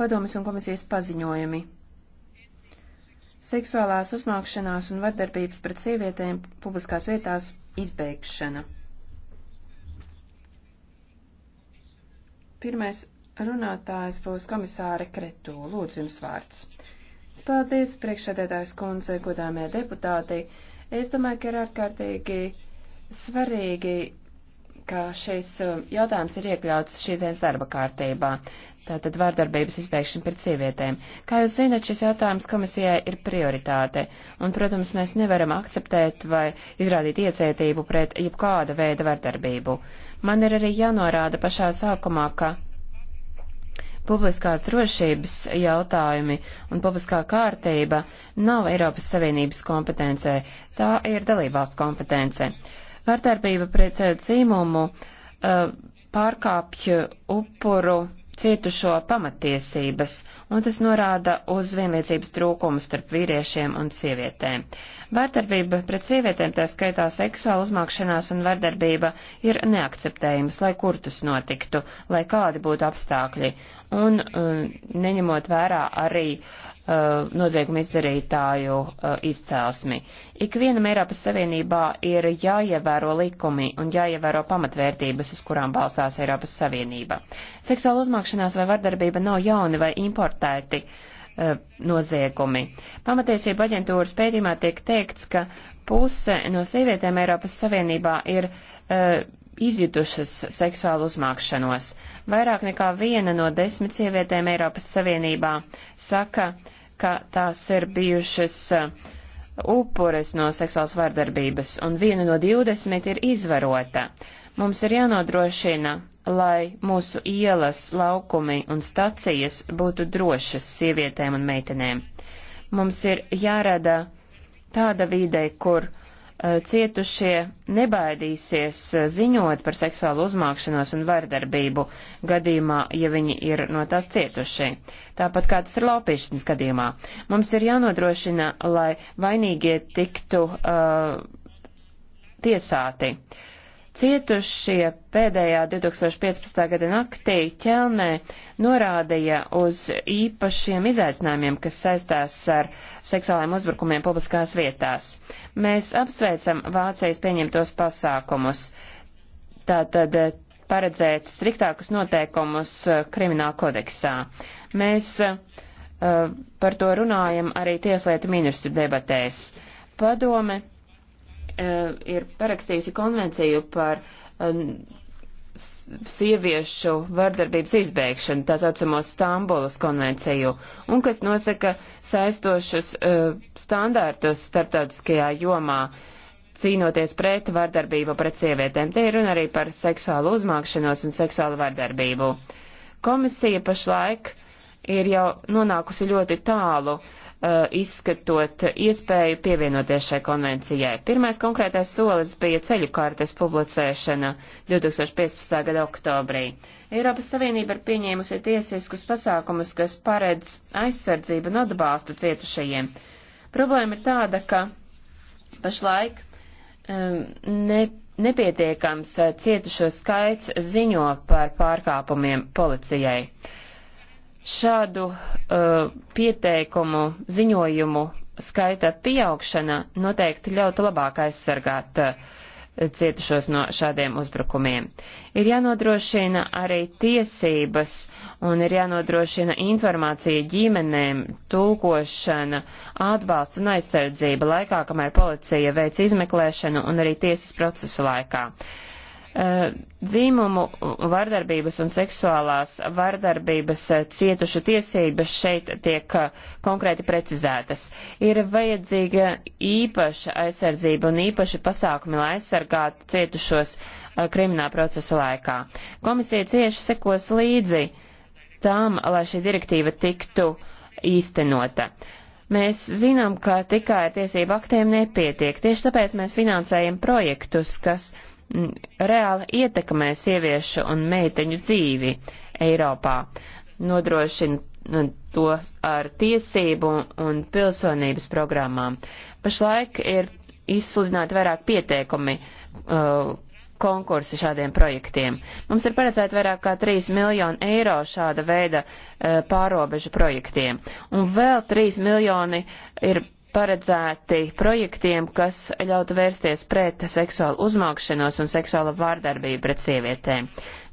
padomas un komisijas paziņojumi. Seksuālās uzmākšanās un vardarbības pret sievietēm publiskās vietās izbeigšana. Pirmais runātājs būs komisāre Kretu. Lūdzu, jums vārds. Paldies, priekšsēdētājs kundze, godāmie deputāti. Es domāju, ka ir ārkārtīgi svarīgi ka šis uh, jautājums ir iekļauts šīs dienas darba kārtībā. Tātad vārdarbības izbeigšana pret sievietēm. Kā jūs zinat, šis jautājums komisijai ir prioritāte, un, protams, mēs nevaram akceptēt vai izrādīt iecietību pret jebkāda veida vārdarbību. Man ir arī jānorāda pašā sākumā, ka publiskās drošības jautājumi un publiskā kārtība nav Eiropas Savienības kompetencē, tā ir dalībvalsts kompetencē. Uh, Vārdarbība pret eh, dzīmumu eh, pārkāpj upuru cietušo pamatiesības, un tas norāda uz vienlīdzības trūkumu starp vīriešiem un sievietēm. Vārdarbība pret sievietēm, tā skaitā seksuāla uzmākšanās un vardarbība, ir neakceptējums, lai kur tas notiktu, lai kādi būtu apstākļi, un uh, neņemot vērā arī uh, noziegumu izdarītāju uh, izcēlesmi. Ikvienam Eiropas Savienībā ir jāievēro likumi un jāievēro pamatvērtības, uz kurām balstās Eiropas Savienība. Seksuāla uzmākšanās vai vardarbība nav jauni vai importēti noziegumi. Pamatiesība aģentūras pētījumā tiek teikts, ka puse no sievietēm Eiropas Savienībā ir uh, izjutušas seksuālu uzmākšanos. Vairāk nekā viena no desmit sievietēm Eiropas Savienībā saka, ka tās ir bijušas uh, upures no seksuālas vardarbības, un viena no divdesmit ir izvarota. Mums ir jānodrošina, lai mūsu ielas, laukumi un stacijas būtu drošas sievietēm un meitenēm. Mums ir jārada tāda vide, kur Eh, cietušie nebaidīsies eh, ziņot par seksuālu uzmākšanos un vardarbību gadījumā, ja viņi ir no tās cietuši. Tāpat kā tas ir laupīšanas gadījumā. Mums ir jānodrošina, lai vainīgie tiktu uh, tiesāti. Uh, Cietušie pēdējā 2015. gada naktī ķelnē norādīja uz īpašiem izaicinājumiem, kas saistās ar seksuālajiem uzbrukumiem publiskās vietās. Mēs apsveicam Vācijas pieņemtos pasākumus. Tātad eh, paredzēt striktākus noteikumus eh, krimināla kodeksā. Mēs uh, par to runājam arī tieslietu ministru debatēs. Padome E, ir parakstījusi konvenciju par e, sieviešu vardarbības izbēgšanu, tā saucamo Stambulas konvenciju, un kas nosaka saistošus uh, standārtus starptautiskajā jomā cīnoties pret vardarbību pret sievietēm. Te ir runa arī par seksuālu uzmākšanos un seksuālu vardarbību. Komisija pašlaik ir jau nonākusi ļoti tālu uh, Uh, izskatot iespēju pievienoties šai konvencijai. Pirmais konkrētais solis bija ceļu kartes publicēšana 2015. gada oktobrī. Eiropas Savienība ir pieņēmusi tiesiskus pasākumus, kas paredz aizsardzību un atbalstu cietušajiem. Problēma ir tāda, ka pašlaik um, ne, nepietiekams cietušo skaits ziņo par pārkāpumiem policijai. Uh, šādu uh, pieteikumu ziņojumu skaita pieaugšana noteikti ļautu labāk aizsargāt uh, cietušos no šādiem uzbrukumiem. Ir jānodrošina arī tiesības un ir jānodrošina informācija ģimenēm, tulkošana, atbalsts un aizsardzība laikā, kamēr policija veic izmeklēšanu un arī tiesas procesa laikā. Uh, Eh, dzīmumu vardarbības un seksuālās vardarbības eh, cietušu tiesības šeit tiek eh, konkrēti precizētas. Ir vajadzīga īpaša aizsardzība un īpaši pasākumi, lai aizsargātu cietušos krimināla procesa laikā. Komisija cieši sekos līdzi tam, lai šī direktīva tiktu īstenota. Mēs zinām, ka tikai ar tiesību aktiem nepietiek, tieši tāpēc mēs finansējam projektus, kas uh, reāli ietekmē sieviešu un meiteņu dzīvi Eiropā, nodrošina nu, to ar tiesību un pilsonības programmām. Pašlaik ir izsludināti vairāk pieteikumi uh, konkursi šādiem projektiem. Mums ir paredzēta vairāk kā 3 miljoni eiro šāda veida uh, pārobežu projektiem, un vēl 3 miljoni ir paredzēti projektiem, kas ļautu vērsties pret seksuālu uzmaukšanos un seksuālo vārdarbību pret sievietēm.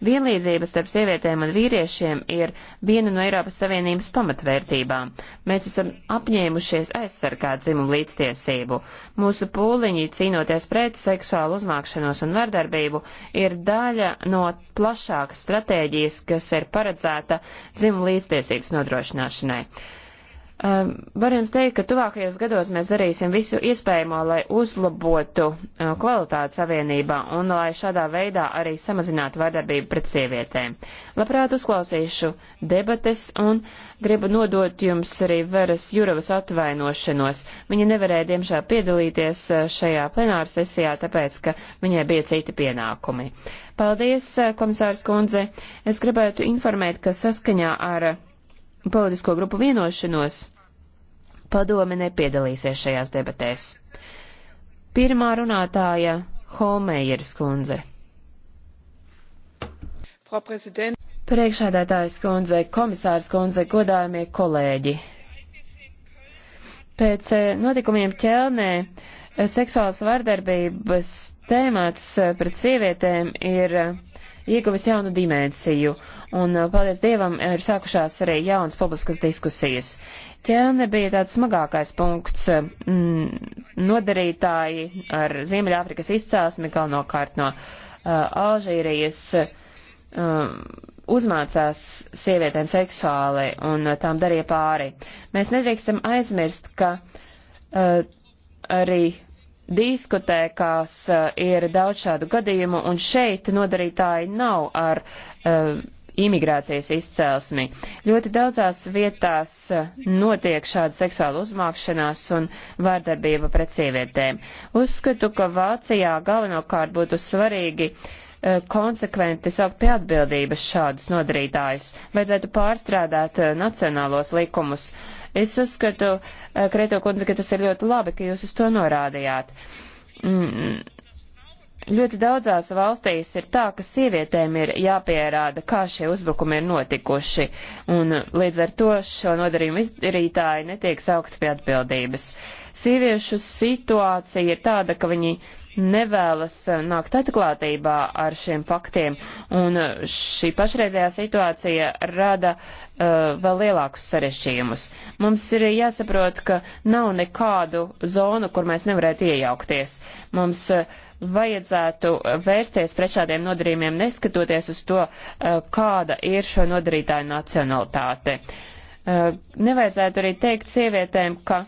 Vienlīdzības starp sievietēm un vīriešiem ir viena no Eiropas Savienības pamatvērtībām. Mēs esam apņēmušies aizsargāt dzimumu līdztiesību. Mūsu pūliņi cīnoties pret seksuālu uzmākšanos un vardarbību ir daļa no plašākas stratēģijas, kas ir paredzēta dzimumu līdztiesības nodrošināšanai. Um, var jums teikt, ka tuvākajos gados mēs darīsim visu iespējamo, lai uzlabotu uh, kvalitāti savienībā un lai šādā veidā arī samazinātu vardarbību pret sievietēm. Labprāt uzklausīšu debates un gribu nodot jums arī Veras Juravas atvainošanos. Viņa nevarēja diemžēl piedalīties eh, šajā plenāra sesijā, tāpēc, ka viņai bija citi pienākumi. Paldies, eh, komisārs kundze. Es gribētu informēt, ka saskaņā ar politisko grupu vienošanos, padome nepiedalīsies šajās debatēs. Pirmā runātāja Homējeras kundze. Priekšādātājs kundze, komisārs kundze, godājumie kolēģi. Pēc eh, notikumiem ķelnē eh, seksuālas vardarbības tēmats eh, pret sievietēm ir ieguvis jaunu dimensiju, un uh, paldies Dievam ir sākušās arī jaunas publiskas diskusijas. Ķelne bija tāds smagākais punkts uh, mm, nodarītāji ar Ziemeļāfrikas izcelsmi galvenokārt no uh, Alžīrijas. Uh, uzmācās sievietēm seksuāli un uh, tām darīja pāri. Mēs nedrīkstam aizmirst, ka uh, arī diskotēkās eh, ir daudz šādu gadījumu, un šeit nodarītāji nav ar uh, imigrācijas izcelsmi. Ļoti daudzās vietās eh, notiek šāda seksuāla uzmākšanās un vārdarbība pret sievietēm. Uzskatu, ka Vācijā galvenokārt būtu svarīgi uh, Eh, konsekventi saukt pie atbildības šādus nodarītājus. Vajadzētu pārstrādāt eh, nacionālos likumus. Es uzskatu, eh, Kreto kundze, ka tas ir ļoti labi, ka jūs uz to norādījāt. Mm. Ļoti daudzās valstīs ir tā, ka sievietēm ir jāpierāda, kā šie uzbrukumi ir notikuši, un līdz ar to šo nodarījumu izdarītāji netiek saukti pie atbildības. Uh, Sieviešu situācija ir tāda, ka viņi nevēlas eh, nākt atklātībā ar šiem faktiem, un eh, šī pašreizējā situācija rada uh, vēl lielākus sarešķījumus. Mums ir jāsaprot, ka nav nekādu zonu, kur mēs nevarētu iejaukties. Mums uh, vajadzētu vērsties pret šādiem nodarījumiem, neskatoties uz to, uh, kāda ir šo nodarītāju nacionalitāte. Uh, nevajadzētu arī teikt sievietēm, ka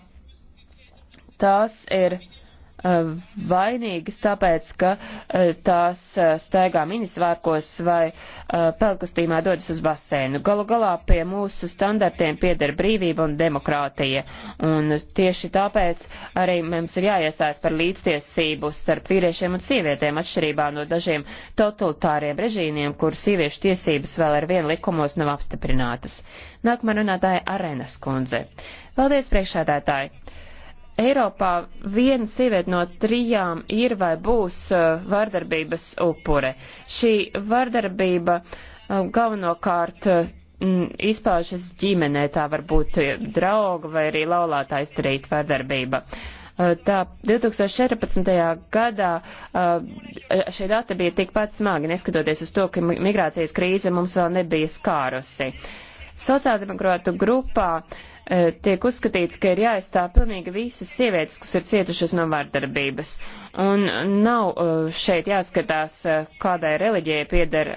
tās ir eh, vainīgas tāpēc, ka eh, tās eh, staigā minisvārkos vai pelkustīmā dodas uz basēnu. Galu galā pie mūsu standartiem pieder brīvība un demokrātija. Un tieši tāpēc arī mums ir jāiesājas par līdztiesību starp vīriešiem un sievietēm atšķirībā no dažiem totalitāriem režīmiem, kur sieviešu tiesības vēl ar vienu likumos nav apstiprinātas. Nākamā runātāja Arenas kundze. Paldies priekšādātāji! Eiropā viena sieviete no trijām ir vai būs eh, vardarbības upure. Šī vardarbība eh, galvenokārt eh, izpaužas ģimenē, tā var būt drauga vai arī laulātā izdarīta vardarbība. Tā 2014. gadā šie dati bija tikpat smagi, neskatoties uz to, ka migrācijas krīze mums vēl nebija skārusi. Sociāldemokrātu grupā uh, E, tiek uzskatīts, ka ir jāaizstāv pilnīgi visas sievietes, kas ir cietušas no vardarbības. Un nav e, šeit jāskatās, e, kādai reliģijai pieder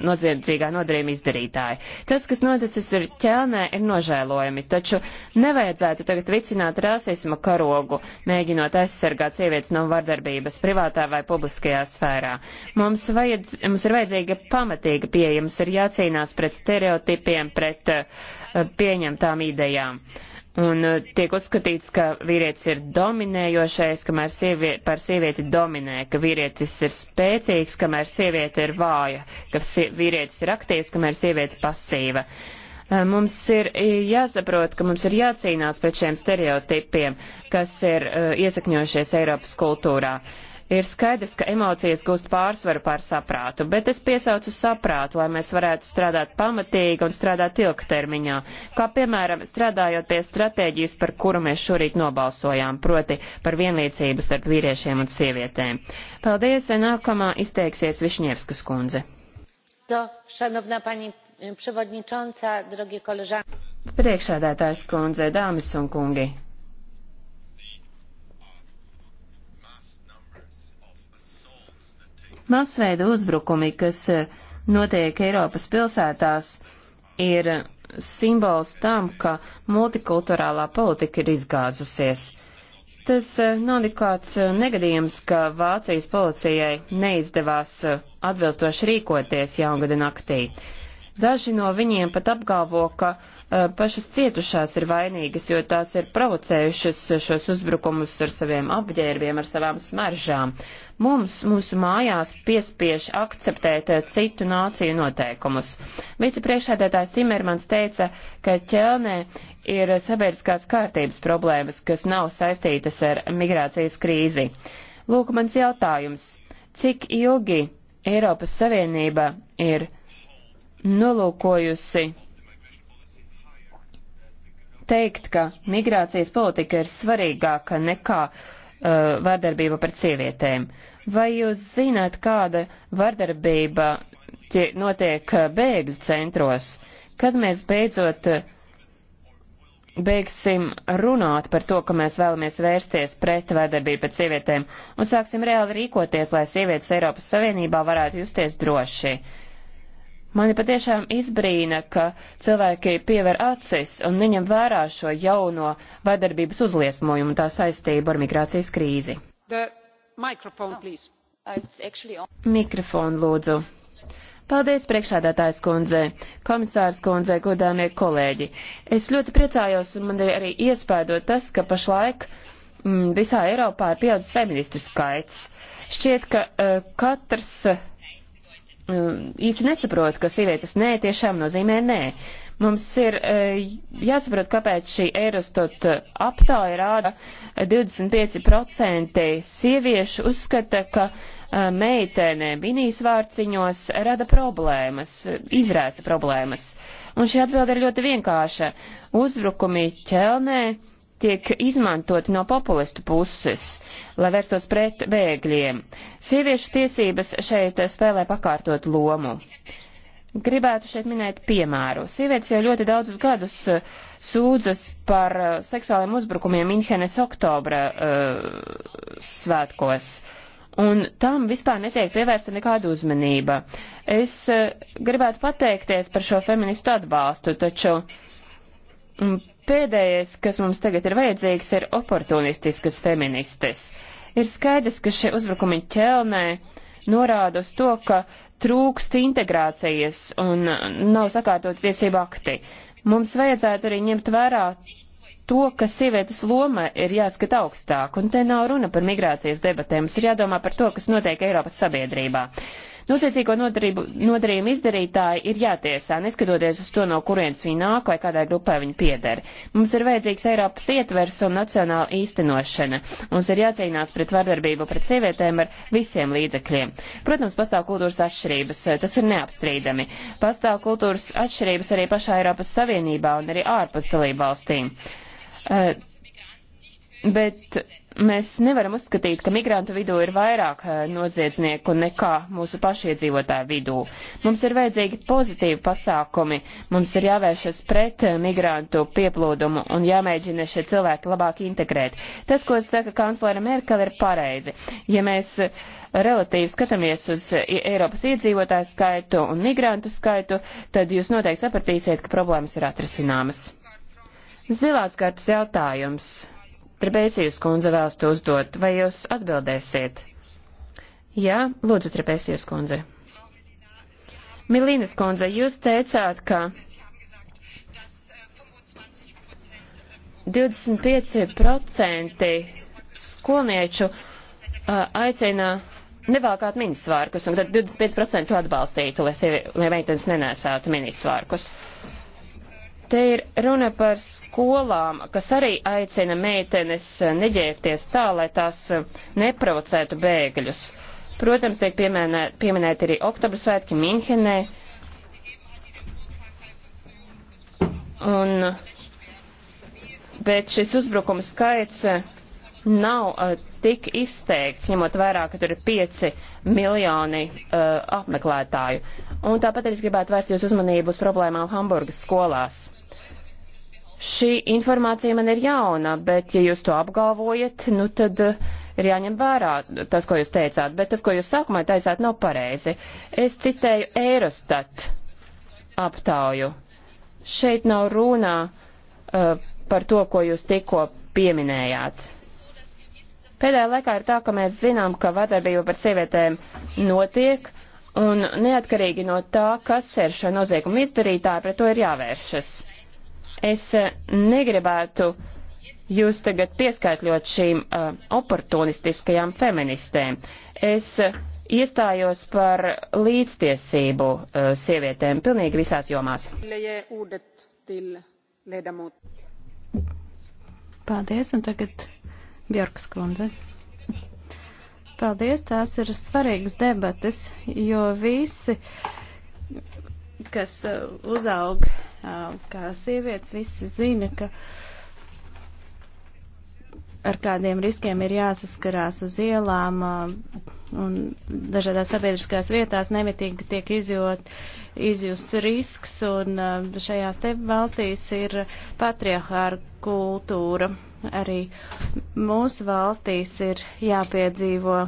noziedzīgā nodarījuma izdarītāji. Tas, kas noticis ir ķelnē, ir nožēlojami, taču nevajadzētu tagad vicināt rasisma karogu, mēģinot aizsargāt sievietes no vardarbības privātā vai publiskajā sfērā. Mums, vajadz, mums ir vajadzīga pamatīga pieeja, mums ir jācīnās pret stereotipiem, pret pieņemšanu pieņemtām idejām. Un uh, tiek uzskatīts, ka vīrietis ir dominējošais, kamēr sievieti, par sievieti dominē, ka vīrietis ir spēcīgs, kamēr sieviete ir vāja, ka vīrietis ir aktīvs, kamēr sieviete pasīva. Uh, mums ir jāsaprot, ka mums ir jācīnās pret šiem stereotipiem, kas ir uh, iesakņojušies Eiropas kultūrā. Uh, Ir skaidrs, ka emocijas gūst pārsvaru pār saprātu, bet es piesaucu saprātu, lai mēs varētu strādāt pamatīgi un strādāt ilgtermiņā, kā piemēram strādājot pie stratēģijas, par kuru mēs šorīt nobalsojām, proti par vienlīdzību starp vīriešiem un sievietēm. Paldies, nākamā izteiksies Višņievskas kundze. To, šanovna pani eh, prevodničonca, drogie koležāni. Priekšādātājs kundze, dāmas un kungi. Masveida uzbrukumi, kas eh, notiek Eiropas pilsētās, ir simbols tam, ka multikulturālā politika ir izgāzusies. Tas eh, nav nekāds eh, negadījums, ka Vācijas policijai neizdevās atbilstoši rīkoties jaungada naktī. Daži no viņiem pat apgalvo, ka uh, pašas cietušās ir vainīgas, jo tās ir provocējušas šos uzbrukumus ar saviem apģērbiem, ar savām smaržām. Mums, mūsu mājās, piespiež akceptēt uh, citu nāciju noteikumus. Vicepriekšādētājs Timermans teica, ka ķelnē ir sabiedriskās kārtības problēmas, kas nav saistītas ar migrācijas krīzi. Lūk, mans jautājums. Cik ilgi Eiropas Savienība ir nolūkojusi teikt, ka migrācijas politika ir svarīgāka nekā uh, vardarbība pret sievietēm. Vai jūs zināt, kāda vardarbība tie, notiek uh, bēgļu centros? Kad mēs beidzot uh, beigsim runāt par to, ka mēs vēlamies vērsties pret vardarbību pret sievietēm un sāksim reāli rīkoties, lai sievietes Eiropas Savienībā varētu justies droši? Mani patiešām izbrīna, ka cilvēki piever acis un neņem vērā šo jauno vardarbības uzliesmojumu un tā saistību ar migrācijas krīzi. Oh, Mikrofonu lūdzu. Paldies, priekšādātājs kundze, komisārs kundze, godāmie kolēģi. Es ļoti priecājos un man ir arī iespēdot tas, ka pašlaik m, mm, visā Eiropā ir pieaudzis feministu skaits. Šķiet, ka uh, katrs. Uh, īsti nesaprot, ka sievietes nē tiešām nozīmē nē. Mums ir jāsaprot, kāpēc šī Eirostot aptāja rāda 25% sieviešu uzskata, ka meitene binīs vārciņos rada problēmas, izrāsa problēmas. Un šī atbilde ir ļoti vienkārša. Uzbrukumi ķelnē tiek izmantoti no populistu puses, lai vērstos pret bēgļiem. Sieviešu tiesības šeit spēlē pakārtot lomu. Gribētu šeit minēt piemēru. Sievietes jau ļoti daudzus gadus eh, sūdzas par eh, seksuāliem uzbrukumiem Inhenes oktobra uh, svētkos. Un tam vispār netiek pievērsta nekāda uzmanība. Es uh, gribētu pateikties par šo feministu atbalstu, taču um, Pēdējais, kas mums tagad ir vajadzīgs, ir oportunistiskas feministes. Ir skaidrs, ka šie uzbrukumi ķelnē norāda uz to, ka trūkst integrācijas un nav sakārtot tiesību akti. Mums vajadzētu arī ņemt vērā to, ka sievietes loma ir jāskat augstāk, un te nav runa par migrācijas debatēm, mums ir jādomā par to, kas notiek Eiropas sabiedrībā. Noziedzīgo nodarījumu izdarītāji ir jātiesā, neskatoties uz to, no kurienes viņi nāk vai kādai grupai viņi pieder. Mums ir vajadzīgs Eiropas ietvers un nacionāla īstenošana. Mums ir jācīnās pret vardarbību pret sievietēm ar visiem līdzekļiem. Protams, pastāv kultūras atšķirības, tas ir neapstrīdami. Pastāv kultūras atšķirības arī pašā Eiropas Savienībā un arī ārpus dalību valstīm. Eh, bet Mēs nevaram uzskatīt, ka migrantu vidū ir vairāk eh, noziedznieku nekā mūsu pašiedzīvotāju vidū. Mums ir vajadzīgi pozitīvi pasākumi, mums ir jāvēršas pret eh, migrantu pieplūdumu un jāmēģina šie cilvēki labāk integrēt. Tas, ko saka kanclere Merkel, ir pareizi. Ja mēs eh, relatīvi skatāmies uz Eiropas iedzīvotāju skaitu un migrantu skaitu, tad jūs noteikti sapratīsiet, ka problēmas ir atrisināmas. Zilās kartas jautājums. Trebēsijas kundze vēlas to uzdot. Vai jūs atbildēsiet? Jā, lūdzu, Trebēsijas kundze. Milīnas kundze, jūs teicāt, ka 25% skolnieču uh, aicina nevalkāt minisvārkus, un tad 25% to atbalstītu, lai, sievi, lai meitenes nenesātu minisvārkus. Uh, Te ir runa par skolām, kas arī aicina meitenes eh, neģērties tā, lai tās eh, neprovocētu bēgļus. Protams, tiek pieminē, pieminēti arī oktobra svētki Minhenē. Un, eh, bet šis uzbrukuma skaits nav tik izteikts, ņemot vērā, ka tur ir 5 miljoni uh, apmeklētāju. Un tāpat arī es gribētu vērst jūs uzmanību uz problēmām Hamburgas skolās. Šī informācija man ir jauna, bet ja jūs to apgalvojat, nu tad uh, ir jāņem vērā tas, ko jūs teicāt, bet tas, ko jūs sākumā teicāt, nav pareizi. Es citēju Eirostat aptauju. Šeit nav runā uh, par to, ko jūs tikko pieminējāt. Pēdējā laikā ir tā, ka mēs zinām, ka vardarbība par sievietēm notiek, un neatkarīgi no tā, kas ir šo noziegumu izdarītāji, pret to ir jāvēršas. Es eh, negribētu jūs tagad pieskaitļot šīm uh, oportunistiskajām feministēm. Es uh, iestājos par līdztiesību uh, sievietēm pilnīgi visās jomās. Paldies, un tagad Bjorkas kundze. Paldies, tās ir svarīgas debates, jo visi, kas uh, uzaug uh, kā sievietes, visi zina, ka ar kādiem riskiem ir jāsaskarās uz ielām uh, un dažādās sabiedriskās vietās nemitīgi tiek izjot, izjusts risks un šajās te valstīs ir patriarchāra kultūra arī mūsu valstīs ir jāpiedzīvo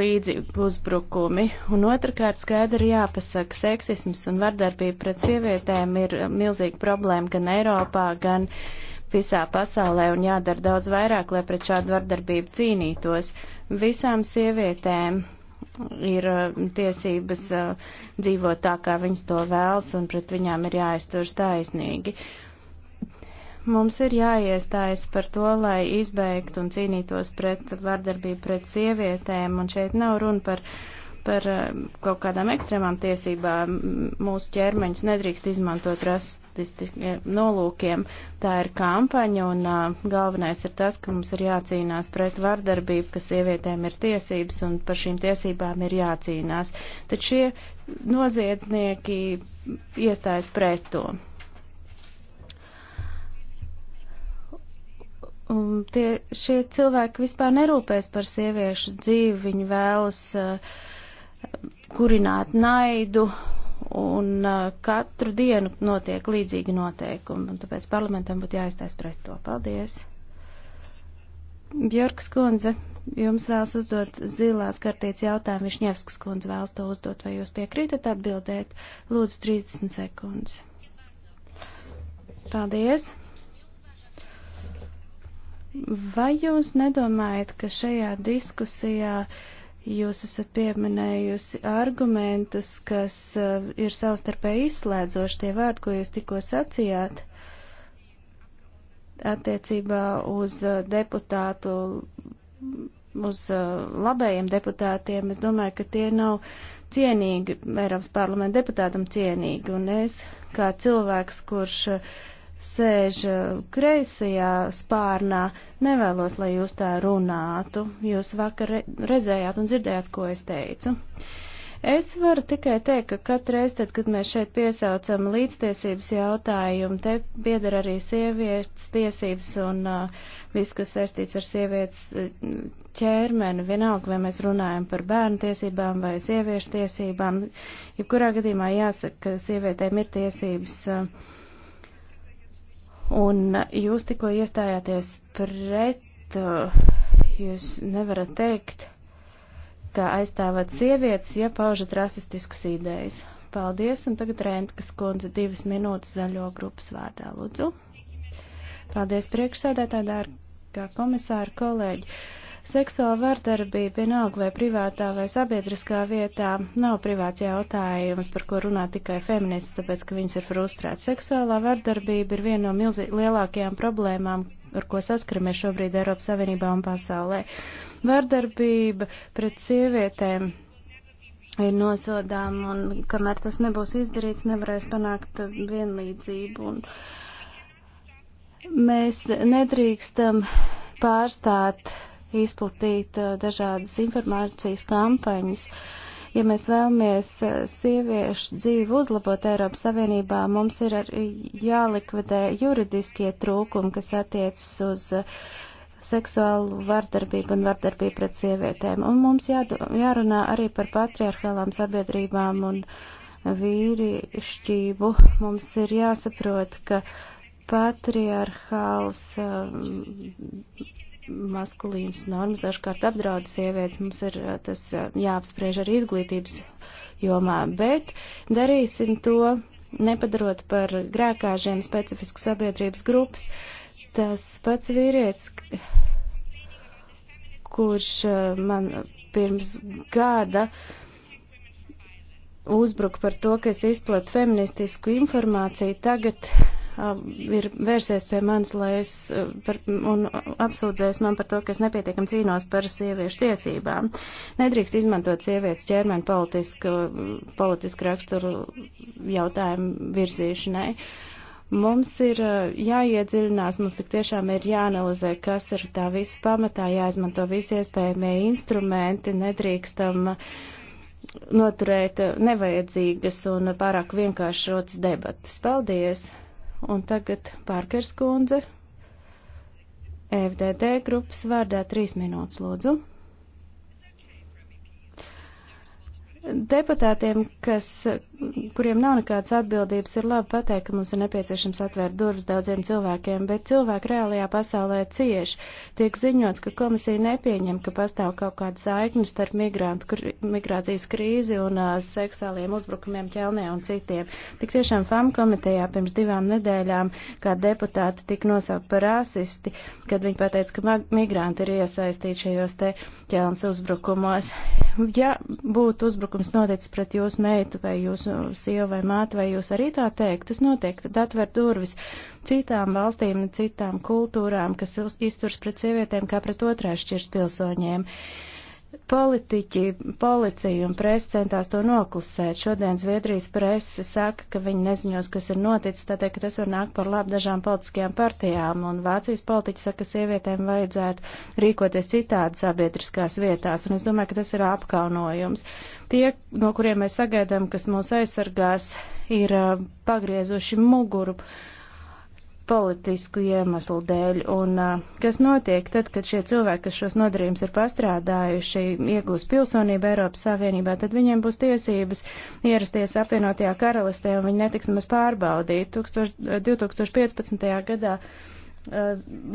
līdzi uzbrukumi. Un otrkārt skaidri jāpasaka, seksisms un vardarbība pret sievietēm ir milzīga problēma gan Eiropā, gan visā pasaulē un jādara daudz vairāk, lai pret šādu vardarbību cīnītos. Visām sievietēm ir uh, tiesības uh, dzīvot tā, kā viņas to vēlas, un pret viņām ir jāizturas taisnīgi. Uh, Mums ir jāiestājas par to, lai izbeigtu un cīnītos pret vardarbību pret sievietēm, un šeit nav runa par, par eh, kaut kādām ekstrēmām tiesībām. Mūsu ķermeņus nedrīkst izmantot rasistiskiem eh, nolūkiem. Tā ir kampaņa, un eh, galvenais ir tas, ka mums ir jācīnās pret vardarbību, ka sievietēm ir tiesības, un par šīm tiesībām ir jācīnās. Tad šie noziedznieki iestājas pret to. Un tie, šie cilvēki vispār nerūpēs par sieviešu dzīvi, viņi vēlas uh, kurināt naidu, un uh, katru dienu notiek līdzīgi noteikumi, un tāpēc parlamentam būtu jāiztais pret to. Paldies! Bjorkas kundze, jums vēlas uzdot zilās kartītes jautājumu, Višņevskas kundze vēlas to uzdot, vai jūs piekrītat atbildēt? Lūdzu, 30 sekundes. Paldies! Vai jūs nedomājat, ka šajā diskusijā jūs esat pieminējusi argumentus, kas uh, ir savstarpēji izslēdzoši tie vārdi, ko jūs tikko sacījāt attiecībā uz uh, deputātu, uz uh, labējiem deputātiem? Es domāju, ka tie nav cienīgi, Eiropas parlamenta deputātam cienīgi, un es kā cilvēks, kurš sēž eh, kreisajā spārnā, nevēlos, lai jūs tā runātu. Jūs vakar redzējāt un dzirdējāt, ko es teicu. Es varu tikai teikt, ka katreiz, tad, kad mēs šeit piesaucam līdztiesības jautājumu, te piedara arī sievietes tiesības un uh, viss, kas saistīts ar sievietes eh, ķermeni, vienalga, vai mēs runājam par bērnu tiesībām vai sieviešu tiesībām, jebkurā gadījumā jāsaka, ka sievietēm ir tiesības. Uh, Un jūs tikko iestājāties pret, jūs nevarat teikt, ka aizstāvat sievietes, ja paužat rasistiskas idejas. Paldies, un tagad Rentkas kundze divas minūtes zaļo grupas vārdā, lūdzu. Paldies priekšsēdētāji, dārgā komisāra kolēģi. Uh, Seksuāla vardarbība vienalga vai privātā vai sabiedriskā vietā nav privāts jautājums, par ko runā tikai feministi, tāpēc, ka viņas ir frustrētas. Seksuālā vardarbība ir viena no milzi lielākajām problēmām, ar ko saskaramies šobrīd Eiropas Savienībā un pasaulē. Vardarbība pret sievietēm ir nosodām, un kamēr tas nebūs izdarīts, nevarēs panākt vienlīdzību. Un mēs nedrīkstam pārstāt izplatīt dažādas informācijas kampaņas. Ja mēs vēlamies sieviešu dzīvi uzlabot Eiropas Savienībā, mums ir jālikvidē juridiskie trūkumi, kas attiecas uz seksuālu vardarbību un vardarbību pret sievietēm. Un mums jārunā arī par patriarchālām sabiedrībām un vīrišķību. Mums ir jāsaprot, ka patriarchāls um, maskulīnas normas dažkārt apdraud sievietes, mums ir eh, tas eh, jāapspriež arī izglītības jomā, bet darīsim to nepadarot par grēkāžiem specifisku sabiedrības grupas. Tas pats vīrietis, kurš eh, man pirms gada uzbruka par to, ka es izplatu feministisku informāciju, tagad Um, ir vērsies pie manis, lai es uh, par, un apsūdzēs man par to, ka es nepietiekam cīnos par sieviešu tiesībām. Nedrīkst izmantot sievietes ķermeni politisku, politisku raksturu jautājumu virzīšanai. Mums ir uh, jāiedziļinās, mums tik tiešām ir jāanalizē, kas ir tā visa pamatā, jāizmanto visi iespējamie instrumenti, nedrīkstam uh, noturēt nevajadzīgas un pārāk vienkāršotas debatas. Paldies! Un tagad Parkers kundze, FDD grupas vārdā trīs minūtes lūdzu. Deputātiem, kas, kuriem nav nekādas atbildības, ir labi pateikt, ka mums ir nepieciešams atvērt durvis daudziem cilvēkiem, bet cilvēki reālajā pasaulē cieši. Tiek ziņots, ka komisija nepieņem, ka pastāv kaut kāda saikne starp migrantu, kri, migrācijas krīzi un uh, seksuāliem uzbrukumiem ķelnē un citiem. Tik tiešām FAM komitejā pirms divām nedēļām kā deputāti tika nosaukt par rasisti, kad viņi pateica, ka migranti ir iesaistīti šajos te ķelnes uzbrukumos. Ja būtu uzbrukums, uzbrukums noticis pret jūsu meitu vai jūsu sievu vai mātu, vai jūs arī tā teikt, tas notiek, tad atver durvis citām valstīm, citām kultūrām, kas izturs pret sievietēm kā pret otrā šķirs pilsoņiem. Uh, Politiķi, policija un presa centās to noklusēt. Šodien Zviedrijas presa saka, ka viņi neziņos, kas ir noticis, tātad, ka tas var nākt par labu dažām politiskajām partijām, un Vācijas politiķi saka, ka sievietēm vajadzētu rīkoties citādi sabiedriskās vietās, un es domāju, ka tas ir apkaunojums. Tie, no kuriem mēs sagaidām, kas mūs aizsargās, ir uh, pagriezuši muguru. Uh, politisku iemeslu dēļ. Un kas notiek tad, kad šie cilvēki, kas šos nodarījumus ir pastrādājuši, iegūs pilsonību Eiropas Savienībā, tad viņiem būs tiesības ierasties apvienotajā karalistē un viņi netiks nemaz pārbaudīti. 2015. gadā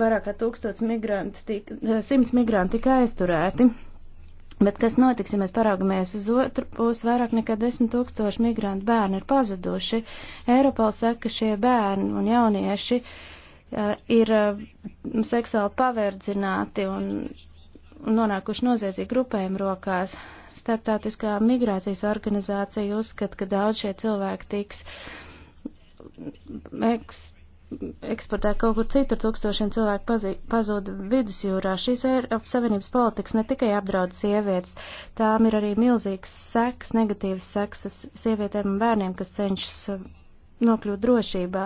vairāk kā tūkstots migranti, tika, simts migranti tika aizturēti. Bet kas notiks, ja mēs paraugamies uz otru pusi, vairāk nekā 10 tūkstoši migrantu bērni ir pazuduši. Eiropāls saka, ka šie bērni un jaunieši eh, ir eh, seksuāli paverdzināti un nonākuši noziedzīgi grupējumu rokās. Startautiskā migrācijas organizācija uzskata, ka daudz šie cilvēki tiks eks, eksportē kaut kur citur, tūkstošiem cilvēku pazūda vidusjūrā. Šīs Eiropas Savienības politikas ne tikai apdraud sievietes, tām ir arī milzīgs seks, negatīvs seks uz sievietēm un bērniem, kas cenšas uh, nokļūt drošībā.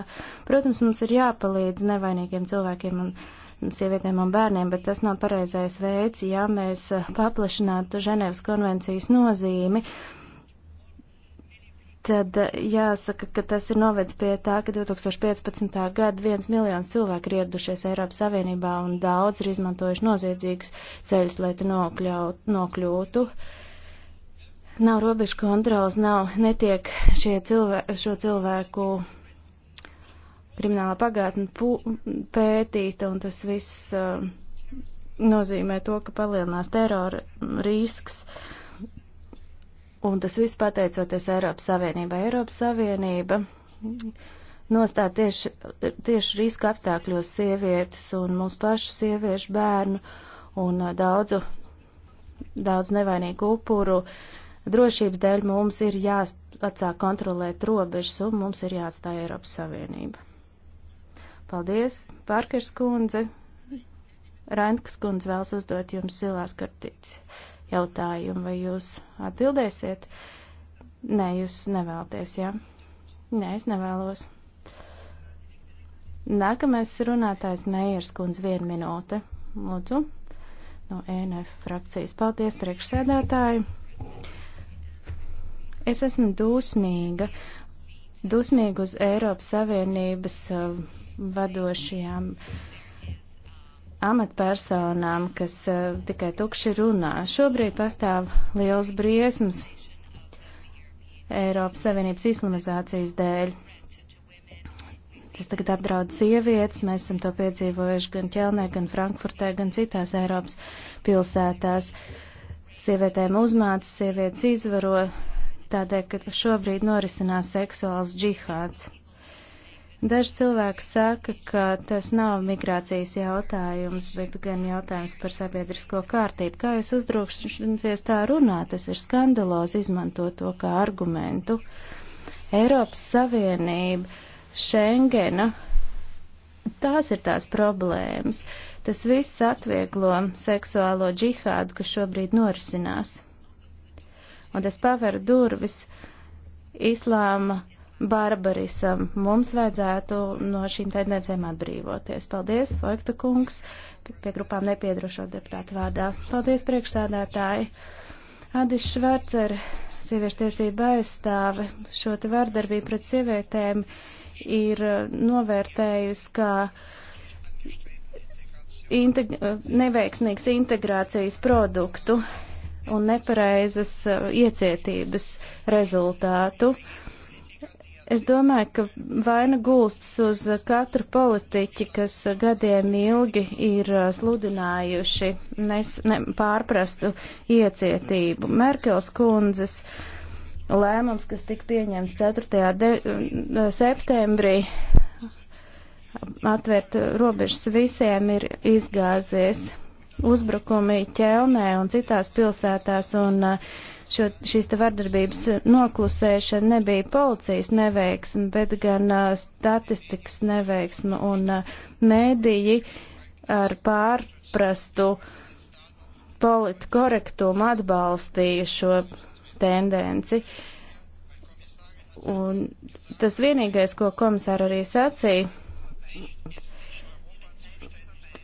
Protams, mums ir jāpalīdz nevainīgiem cilvēkiem un sievietēm un bērniem, bet tas nav pareizais veids, ja mēs uh, paplašinātu Ženēvas konvencijas nozīmi. Uh, tad jāsaka, ka tas ir novedis pie tā, ka 2015. gada viens miljons cilvēku ir ieradušies Eiropas Savienībā un daudz ir izmantojuši noziedzīgus ceļus, lai te nokļaut, nokļūtu. Nav robežu kontrols, nav, netiek šie cilvēku, šo cilvēku kriminālā pagātne pētīta un tas viss uh, nozīmē to, ka palielinās terora risks. Uh, Un tas viss pateicoties Eiropas Savienībai. Eiropas Savienība nostāja tieši, tieši riska apstākļos sievietes un mūsu pašu sieviešu bērnu un uh, daudzu, daudz nevainīgu upuru. Drošības dēļ mums ir jāatsāk kontrolēt robežas un mums ir jāatstāja Eiropas Savienība. Paldies, Pārkers kundze. Raintkas kundze vēlas uzdot jums zilās kartītes jautājumu, vai jūs atbildēsiet? Nē, jūs nevēlaties, jā? Nē, es nevēlos. Nākamais runātājs Meijers kundz vienu minūte. Lūdzu, no ENF frakcijas. Paldies, priekšsēdētāji. Es esmu dusmīga, dusmīga uz Eiropas Savienības uh, vadošajām uh, amatpersonām, kas uh, tikai tukši runā. Šobrīd pastāv liels briesmas Eiropas Savienības islamizācijas dēļ. Tas tagad apdraud sievietes, mēs esam to piedzīvojuši gan Ķelnē, gan Frankfurtē, gan citās Eiropas pilsētās. Sievietēm uzmācas, sievietes izvaro, tādēļ, ka šobrīd norisinās seksuāls džihāds. Daži cilvēki saka, ka tas nav migrācijas jautājums, bet gan jautājums par sabiedrisko kārtību. Kā jūs uzdrošināties tā runāt? Tas ir skandalozi izmantot to kā argumentu. Eiropas Savienība, Schengena, tās ir tās problēmas. Tas viss atvieglo seksuālo džihādu, kas šobrīd norisinās. Un tas paver durvis islāma barbarisam. Mums vajadzētu no šīm tendencēm atbrīvoties. Paldies, Foikta kungs, pie grupām nepiedrošo deputātu vārdā. Paldies, priekšsādātāji. Adis Švarcer, sieviešu tiesība aizstāve, šo te vārdarbību pret sievietēm ir uh, novērtējusi, ka integ uh, neveiksmīgs integrācijas produktu un nepareizas uh, iecietības rezultātu. Uh, Es domāju, ka vaina gulstas uz katru politiķi, kas gadiem ilgi ir sludinājuši nes, ne, pārprastu iecietību. Merkels kundzes lēmums, kas tika pieņemts 4. De, septembrī, atvērt robežas visiem, ir izgāzies uzbrukumi ķelnē un citās pilsētās. Un, uh, šo, šīs te vardarbības noklusēšana nebija policijas neveiksme, bet gan uh, statistikas neveiksme un uh, mēdīji ar pārprastu politkorektumu atbalstīja šo tendenci. Un tas vienīgais, ko komisāra arī sacīja,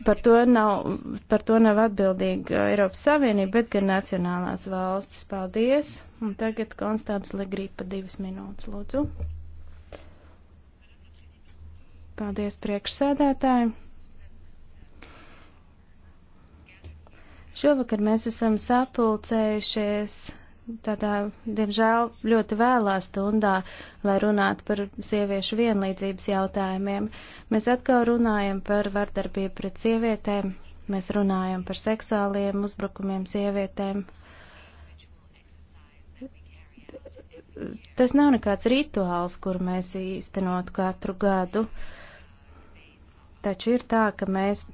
Par to, nav, par to nav atbildīga Eiropas Savienība, bet gan nacionālās valstis. Paldies! Un tagad Konstants Legripa divas minūtes, lūdzu. Paldies priekšsēdētāji! Šovakar mēs esam sapulcējušies tādā, diemžēl, ļoti vēlā stundā, lai runātu par sieviešu vienlīdzības jautājumiem. Mēs atkal runājam par vardarbību pret sievietēm, mēs runājam par seksuāliem uzbrukumiem sievietēm. Tas nav nekāds rituāls, kur mēs īstenotu katru gadu, taču ir tā, ka mēs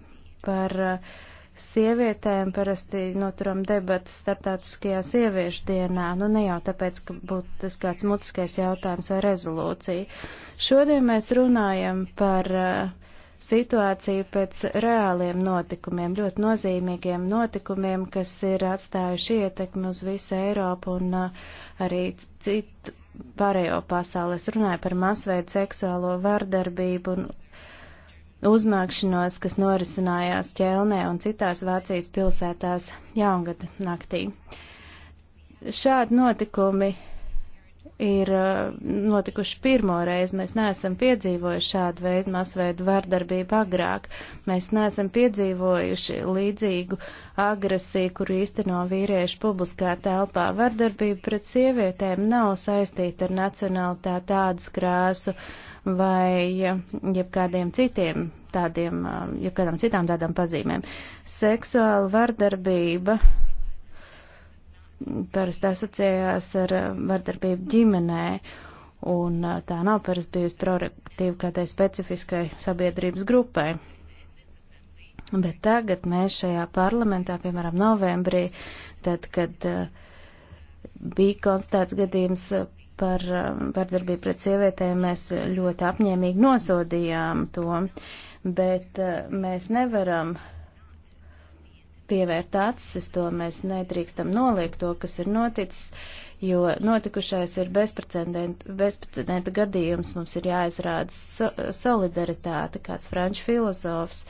par uh, sievietēm parasti noturam debatas startautiskajā sieviešu dienā, nu ne jau tāpēc, ka būtu tas kāds mutiskais jautājums vai rezolūcija. Šodien mēs runājam par uh, situāciju pēc reāliem notikumiem, ļoti nozīmīgiem notikumiem, kas ir atstājuši ietekmi uz visu Eiropu un uh, arī citu pārējo pasauli. Es runāju par masveidu seksuālo vardarbību un uzmākšanos, kas norisinājās Ķelnē un citās Vācijas pilsētās jaungada naktī. Šādi notikumi ir uh, notikuši pirmo reizi. Mēs neesam piedzīvojuši šādu veidu masveidu vardarbību agrāk. Mēs neesam piedzīvojuši līdzīgu agresiju, kuru īsteno vīrieši publiskā telpā. Vardarbība pret sievietēm nav saistīta ar nacionalitāti tādas krāsu, uh, vai jebkādiem citiem tādiem, jebkādām citām tādām pazīmēm. Seksuāla vardarbība parasti asociējās ar vardarbību ģimenē, un tā nav parasti bijusi proaktīva kādai specifiskai sabiedrības grupai. Bet tagad mēs šajā parlamentā, piemēram, novembrī, tad, kad bija konstatēts gadījums par um, vardarbību pret sievietēm, mēs ļoti apņēmīgi nosodījām to, bet uh, mēs nevaram pievērt acis to, mēs nedrīkstam noliegt to, kas ir noticis, jo notikušais ir bezprecedenta gadījums, mums ir jāizrāda so solidaritāte, kāds franču filozofs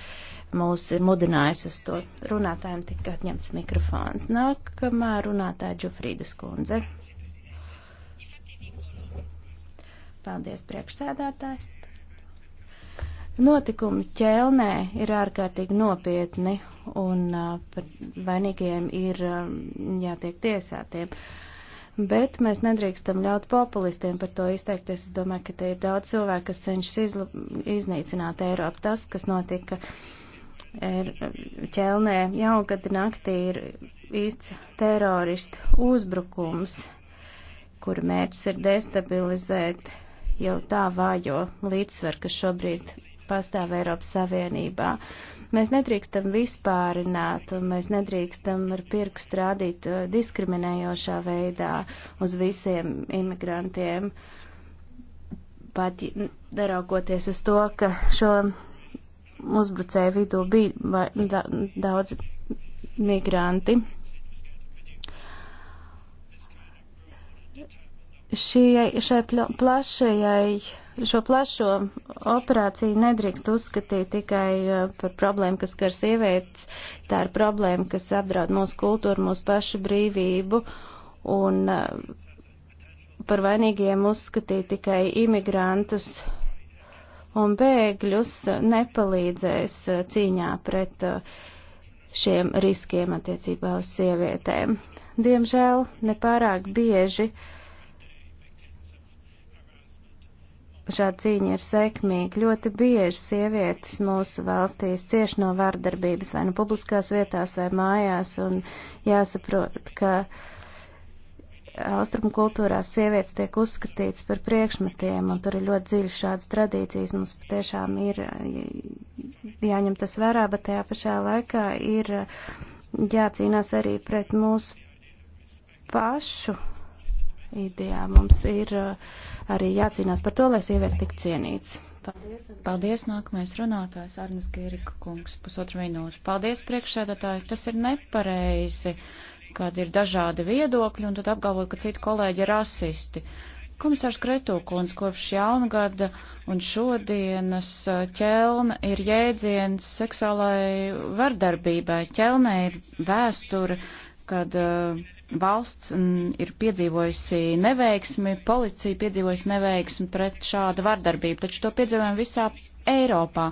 mūs ir mudinājis uz to. Runātājiem tika atņemts mikrofons. Nākamā runātāja Džufrīdas kundze. Paldies, priekšsēdētājs. Notikumi ķelnē ir ārkārtīgi nopietni un par vainīgiem ir jātiek tiesātiem. Bet mēs nedrīkstam ļaut populistiem par to izteikties. Es domāju, ka te ir daudz cilvēku, kas cenšas iznīcināt Eiropu. Tas, kas notika ķelnē jaungada naktī, ir īsts teroristu uzbrukums, kur mērķis ir destabilizēt jau tā vājo līdzsvaru, kas šobrīd pastāv Eiropas Savienībā. Mēs nedrīkstam vispārināt, un mēs nedrīkstam ar pirkstu rādīt uh, diskriminējošā veidā uz visiem imigrantiem, pat daraugoties uz to, ka šo uzbrucēju vidū bija daudz migranti. šie, šai plašajai, šo plašo operāciju nedrīkst uzskatīt tikai uh, par problēmu, kas skar sievietes. Tā ir problēma, kas apdraud mūsu kultūru, mūsu pašu brīvību un uh, par vainīgiem uzskatīt tikai imigrantus un bēgļus nepalīdzēs uh, cīņā pret šiem riskiem attiecībā uz sievietēm. Diemžēl nepārāk bieži uh, šāda cīņa ir sekmīga. Ļoti bieži sievietes mūsu valstīs cieši no vārdarbības vai nu no publiskās vietās vai mājās, un jāsaprot, ka austrumu kultūrās sievietes tiek uzskatītas par priekšmetiem, un tur ir ļoti dziļas šādas tradīcijas. Mums patiešām ir jāņem tas vērā, bet tajā pašā laikā ir jācīnās arī pret mūsu pašu idejā. Mums ir eh, arī jācīnās par to, lai sievietes tik cienītas. Paldies. Paldies, nākamais runātājs Arnes Gērika kungs, pusotra minūte. Paldies, priekšsēdētāji, tas ir nepareizi, kad ir dažādi viedokļi un tad apgalvo, ka citi kolēģi ir rasisti. Komisārs Kretūkons kopš jaungada un šodienas eh, ķelna ir jēdziens seksuālai vardarbībai. Ķelnē ir vēsture, kad uh, valsts mm, ir piedzīvojusi neveiksmi, policija piedzīvojusi neveiksmi pret šādu vardarbību, taču to piedzīvojam visā Eiropā.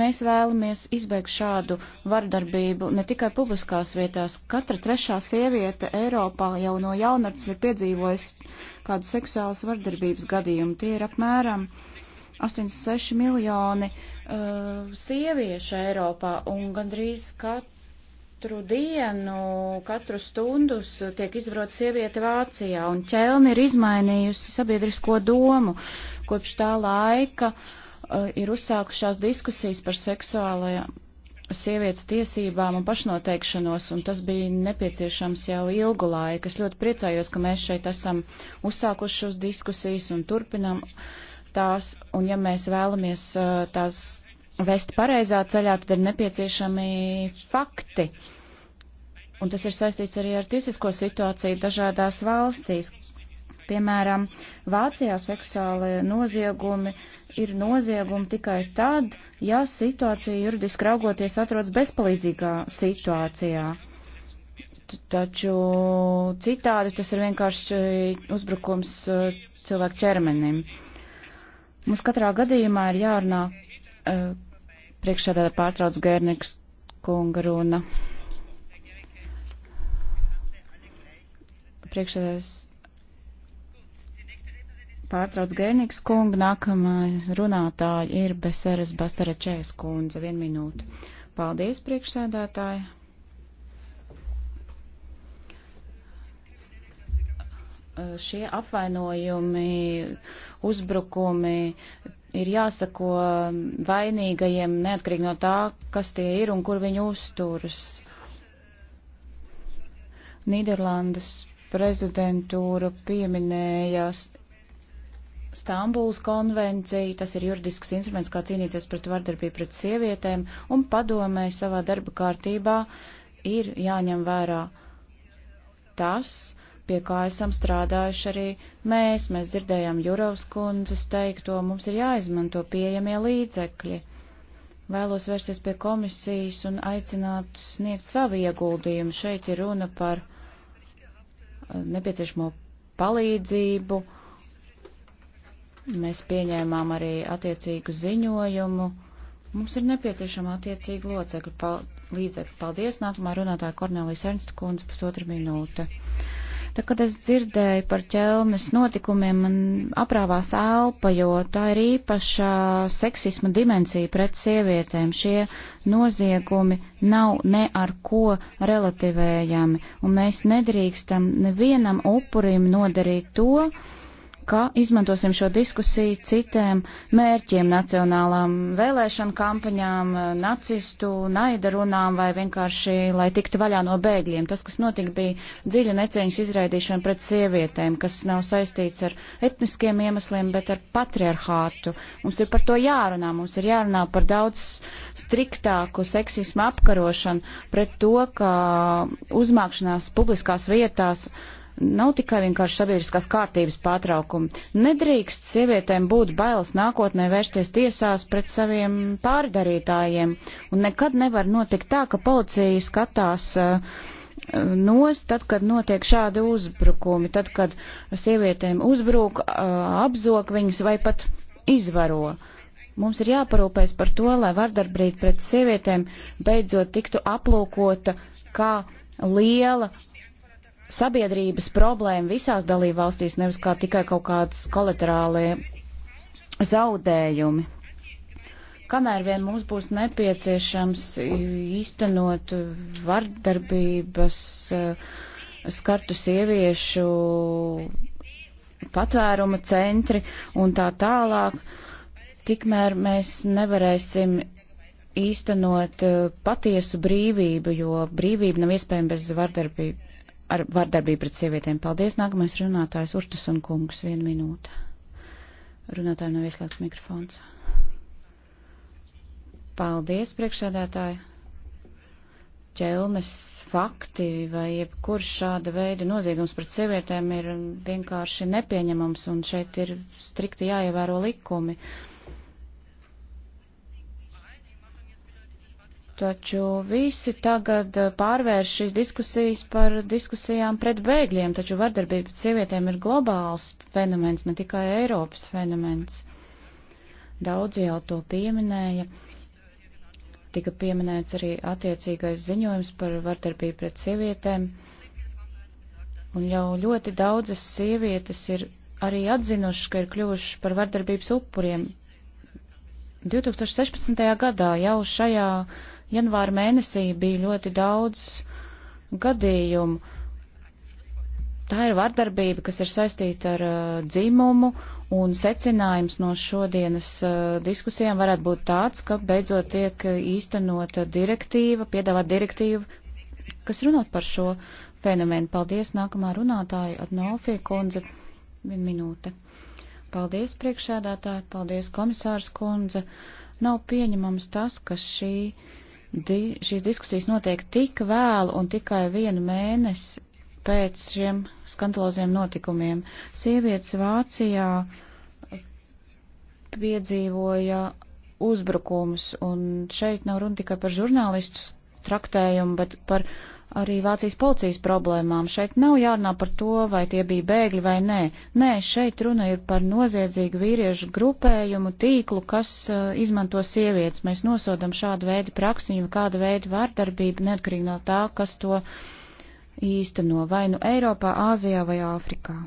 Mēs vēlamies izbeigt šādu vardarbību ne tikai publiskās vietās. Katra trešā sieviete Eiropā jau no jaunatnes ir piedzīvojusi kādu seksuālas vardarbības gadījumu. Tie ir apmēram 86 miljoni uh, sieviešu Eiropā un gandrīz katru katru dienu, katru stundu tiek izvarota sieviete Vācijā, un ķelni ir izmainījusi sabiedrisko domu. Kopš tā laika uh, ir uzsākušās diskusijas par seksuālajām sievietes tiesībām un pašnoteikšanos, un tas bija nepieciešams jau ilgu laiku. Es ļoti priecājos, ka mēs šeit esam uzsākuši šos diskusijas un turpinam tās, un ja mēs vēlamies uh, tās vest pareizā ceļā, tad ir nepieciešami fakti. Un tas ir saistīts arī ar tiesisko situāciju dažādās valstīs. Piemēram, Vācijā seksuālie noziegumi ir noziegumi tikai tad, ja situācija juridiski raugoties atrodas bezpalīdzīgā situācijā. Taču citādi tas ir vienkārši uzbrukums uh, cilvēku ķermenim. Mums katrā gadījumā ir jārunā. Uh, Priekšsēdētā pārtrauc Gērniks kunga runa. Priekšsēdētājs pārtrauc Gērniks kunga. Nākamā runātāja ir Beseres Bastarečēs kundze. Vienu minūtu. Paldies, priekšsēdētāji. Šie apvainojumi, uzbrukumi ir jāsako vainīgajiem neatkarīgi no tā, kas tie ir un kur viņi uzturas. Nīderlandes prezidentūra pieminēja Stambuls konvenciju, tas ir juridisks instruments, kā cīnīties pret vardarbību pret sievietēm, un padomē savā darba kārtībā ir jāņem vērā tas, uh, pie kā esam strādājuši arī mēs. Mēs dzirdējām Jurovs kundzes teikto, mums ir jāizmanto pieejamie līdzekļi. Vēlos vērsties pie komisijas un aicināt sniegt savu ieguldījumu. Šeit ir runa par uh, nepieciešamo palīdzību. Mēs pieņēmām arī attiecīgu ziņojumu. Mums ir nepieciešama attiecīga locekļa pal līdzekļa. Paldies, nākamā runātāja Kornelijas Ernsta kundze, pusotra minūte. Tā, kad es dzirdēju par ķelnes notikumiem, man aprāvās elpa, jo tā ir īpaša seksisma dimensija pret sievietēm. Šie noziegumi nav ne ar ko relativējami, un mēs nedrīkstam nevienam upurim nodarīt to, ka izmantosim šo diskusiju citiem mērķiem, nacionālām vēlēšanu kampaņām, nacistu, naida runām vai vienkārši, lai tiktu vaļā no bēgļiem. Tas, kas notika, bija dziļa neceņas izraidīšana pret sievietēm, kas nav saistīts ar etniskiem iemesliem, bet ar patriarchātu. Mums ir par to jārunā, mums ir jārunā par daudz striktāku seksismu apkarošanu, pret to, ka uzmākšanās publiskās vietās, uh, nav tikai vienkārši sabiedriskās kārtības pārtraukumi. Nedrīkst sievietēm būt bailes nākotnē vērsties tiesās pret saviem pārdarītājiem, un nekad nevar notikt tā, ka policija skatās eh, nos, tad, kad notiek šādi uzbrukumi, tad, kad sievietēm uzbruk, eh, apzok viņas vai pat izvaro. Mums ir jāparūpēs par to, lai vardarbrīd pret sievietēm beidzot tiktu aplūkota kā liela sabiedrības problēma visās dalībvalstīs, nevis kā tikai kaut kādas kolaterālie zaudējumi. Kamēr vien mums būs nepieciešams īstenot vardarbības eh, skartu sieviešu patvēruma centri un tā tālāk, tikmēr mēs nevarēsim īstenot eh, patiesu brīvību, jo brīvība nav iespējama bez vardarbības ar vardarbību pret sievietēm. Paldies, nākamais runātājs Urtas un kungs, viena minūte. Runātājiem nav ieslēgts mikrofons. Paldies, priekšsēdētāji. Ķelnes fakti vai jebkurš šāda veida noziegums pret sievietēm ir vienkārši nepieņemams un šeit ir strikti jāievēro likumi. Uh, Taču visi tagad eh, pārvērš šīs diskusijas par diskusijām pret bēgļiem, taču vardarbība pret sievietēm ir globāls fenomens, ne tikai Eiropas fenomens. Daudzi jau to pieminēja. Tika pieminēts arī attiecīgais ziņojums par vardarbību pret sievietēm. Un jau ļoti daudzas sievietes ir arī atzinušas, ka ir kļuvušas par vardarbības upuriem. 2016. gadā jau šajā Janvāra mēnesī bija ļoti daudz gadījumu. Tā ir vardarbība, kas ir saistīta ar uh, dzimumu, un secinājums no šodienas uh, diskusijām varētu būt tāds, ka beidzot tiek īstenota direktīva, piedāvāt direktīvu, kas runāt par šo fenomenu. Paldies, nākamā runātāja Adnolfija kundze. Vienu minūte. Paldies, priekšsēdētāji, paldies, komisārs kundze. Nav pieņemams tas, ka šī di šīs diskusijas notiek tik vēlu un tikai vienu mēnesi pēc šiem skandaloziem notikumiem. Sievietes Vācijā piedzīvoja uzbrukums, un šeit nav runa tikai par žurnālistu traktējumu, bet par arī Vācijas policijas problēmām. Šeit nav jārunā par to, vai tie bija bēgļi vai nē. Nē, šeit runa ir par noziedzīgu vīriešu grupējumu tīklu, kas uh, izmanto sievietes. Mēs nosodam šādu veidu praksiņu, kādu veidu vārdarbību, neatkarīgi no tā, kas to īsteno, vai nu Eiropā, Āzijā vai Āfrikā.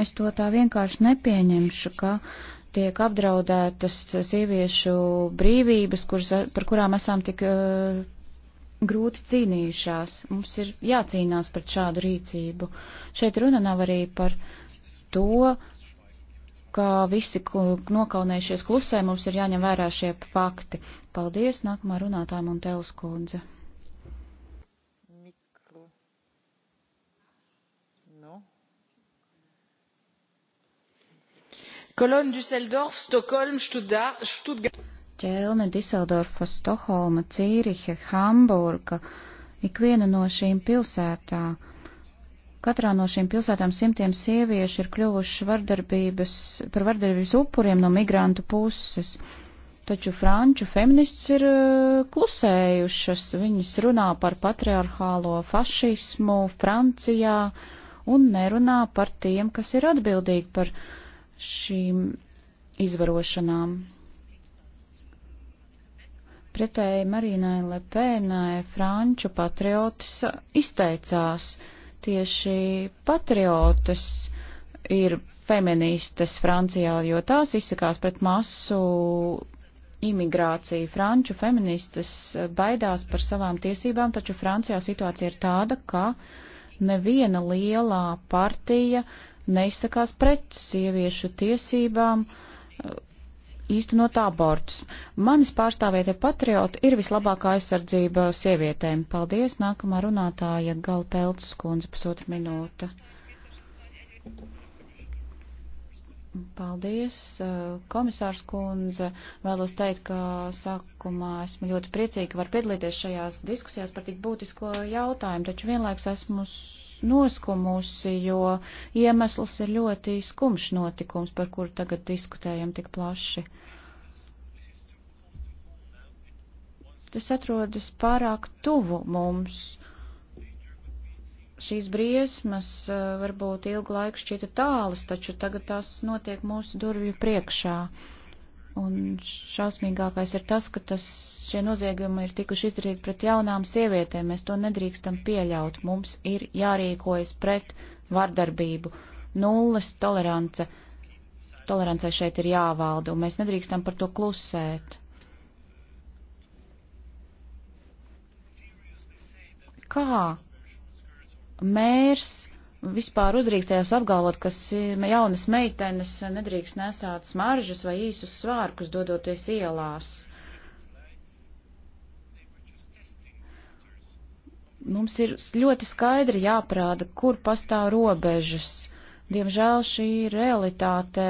Es to tā vienkārši nepieņemšu, ka uh, tiek apdraudētas sieviešu brīvības, kuras, par kurām esam tik uh, grūti cīnījušās. Mums ir jācīnās pret šādu rīcību. Šeit runa nav arī par to, ka visi nokaunējušies klusē, mums ir jāņem vērā šie fakti. Paldies, nākamā runātāja Montēlas kundze. Kolon, Düsseldorf, Stokholm, Stuttgart. Ķelne, Diseldorfa, Stokholma, Cīrihe, Hamburga, ikviena no šīm pilsētām. Katrā no šīm pilsētām simtiem sieviešu ir kļuvuši vardarbības, par vardarbības upuriem no migrantu puses. Taču franču feminists ir eh, klusējušas, viņas runā par patriarchālo fašismu Francijā un nerunā par tiem, kas ir atbildīgi par šīm izvarošanām. Pretēji Marīnai Lepēnai franču patriotis izteicās, tieši patriotis ir feministes Francijā, jo tās izsakās pret masu imigrāciju. Franču feministes baidās par savām tiesībām, taču Francijā situācija ir tāda, ka neviena lielā partija uh, neizsakās pret sieviešu tiesībām eh, īstenot abortus. Manis pārstāvētie patrioti ir vislabākā aizsardzība sievietēm. Paldies, nākamā runātāja Gala Peltas kundze, pusotra minūte. Paldies, eh, komisārs kundze. Vēlos teikt, ka sākumā esmu ļoti priecīga, ka var piedalīties šajās diskusijās par tik būtisko jautājumu, taču vienlaiks esmu noskumusi, jo iemesls ir ļoti skumš notikums, par kuru tagad diskutējam tik plaši. Tas atrodas pārāk tuvu mums. Šīs briesmas eh, varbūt ilgu laiku šķita tālas, taču tagad tās notiek mūsu durvju priekšā. Uh, Un šausmīgākais ir tas, ka tas, šie noziegumi ir tikuši izdarīti pret jaunām sievietēm. Mēs to nedrīkstam pieļaut. Mums ir jārīkojas pret vardarbību. Nulles tolerance. Tolerancei šeit ir jāvalda, un mēs nedrīkstam par to klusēt. Kā mērs vispār uzdrīkstējās apgalvot, ka jaunas meitenes nedrīkst nesāt smaržas vai īsus svārkus dodoties ielās. Mums ir ļoti skaidri jāprāda, kur pastāv robežas. Diemžēl šī realitāte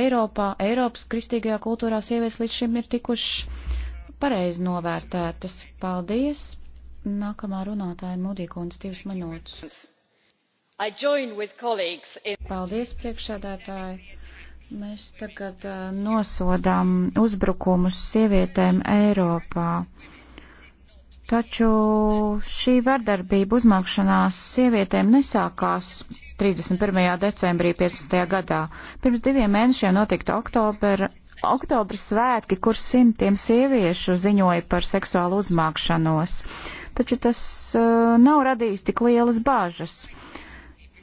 Eiropā, Eiropas kristīgajā kultūrā sievietes līdz šim ir tikušas pareizi novērtētas. Paldies! Nākamā runātāja Mudīkons divas minūtes. Paldies, priekšsēdētāji. Mēs tagad uh, nosodām uzbrukumus sievietēm Eiropā. Taču šī vardarbība uzmākšanās sievietēm nesākās 31. decembrī 15. gadā. Pirms diviem mēnešiem notika oktobra, oktobra svētki, kur simtiem sieviešu ziņoja par seksuālu uzmākšanos. Taču tas uh, nav radījis tik lielas bāžas.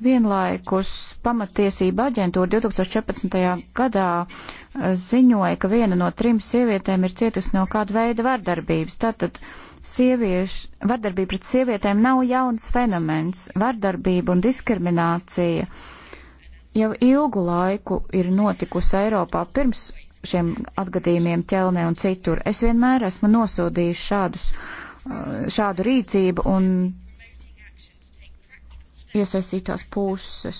Vienlaikus pamatiesība aģentūra 2014. gadā eh, ziņoja, ka viena no trim sievietēm ir cietusi no kāda veida vardarbības. Tātad sieviešu, vardarbība pret sievietēm nav jauns fenomens. Vardarbība un diskriminācija jau ilgu laiku ir notikusi Eiropā pirms šiem atgadījumiem ķelnē un citur. Es vienmēr esmu nosodījis šādus, eh, šādu rīcību un iesaistītās puses.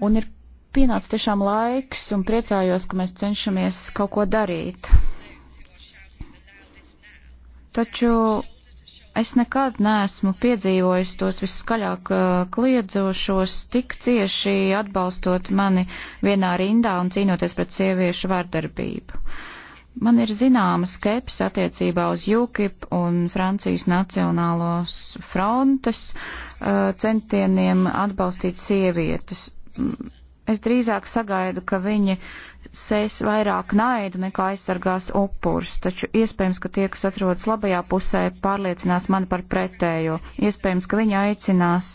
Un ir pienācis tiešām laiks un priecājos, ka mēs cenšamies kaut ko darīt. Taču es nekad neesmu piedzīvojis tos viskaļāk uh, kliedzošos tik cieši atbalstot mani vienā rindā un cīnoties pret sieviešu vardarbību. Man ir zināma skeps attiecībā uz UKIP un Francijas Nacionālos frontes centieniem atbalstīt sievietes. Es drīzāk sagaidu, ka viņi sēs vairāk naidu nekā aizsargās upurus, taču iespējams, ka tie, kas atrodas labajā pusē, pārliecinās mani par pretējo. Iespējams, ka viņi aicinās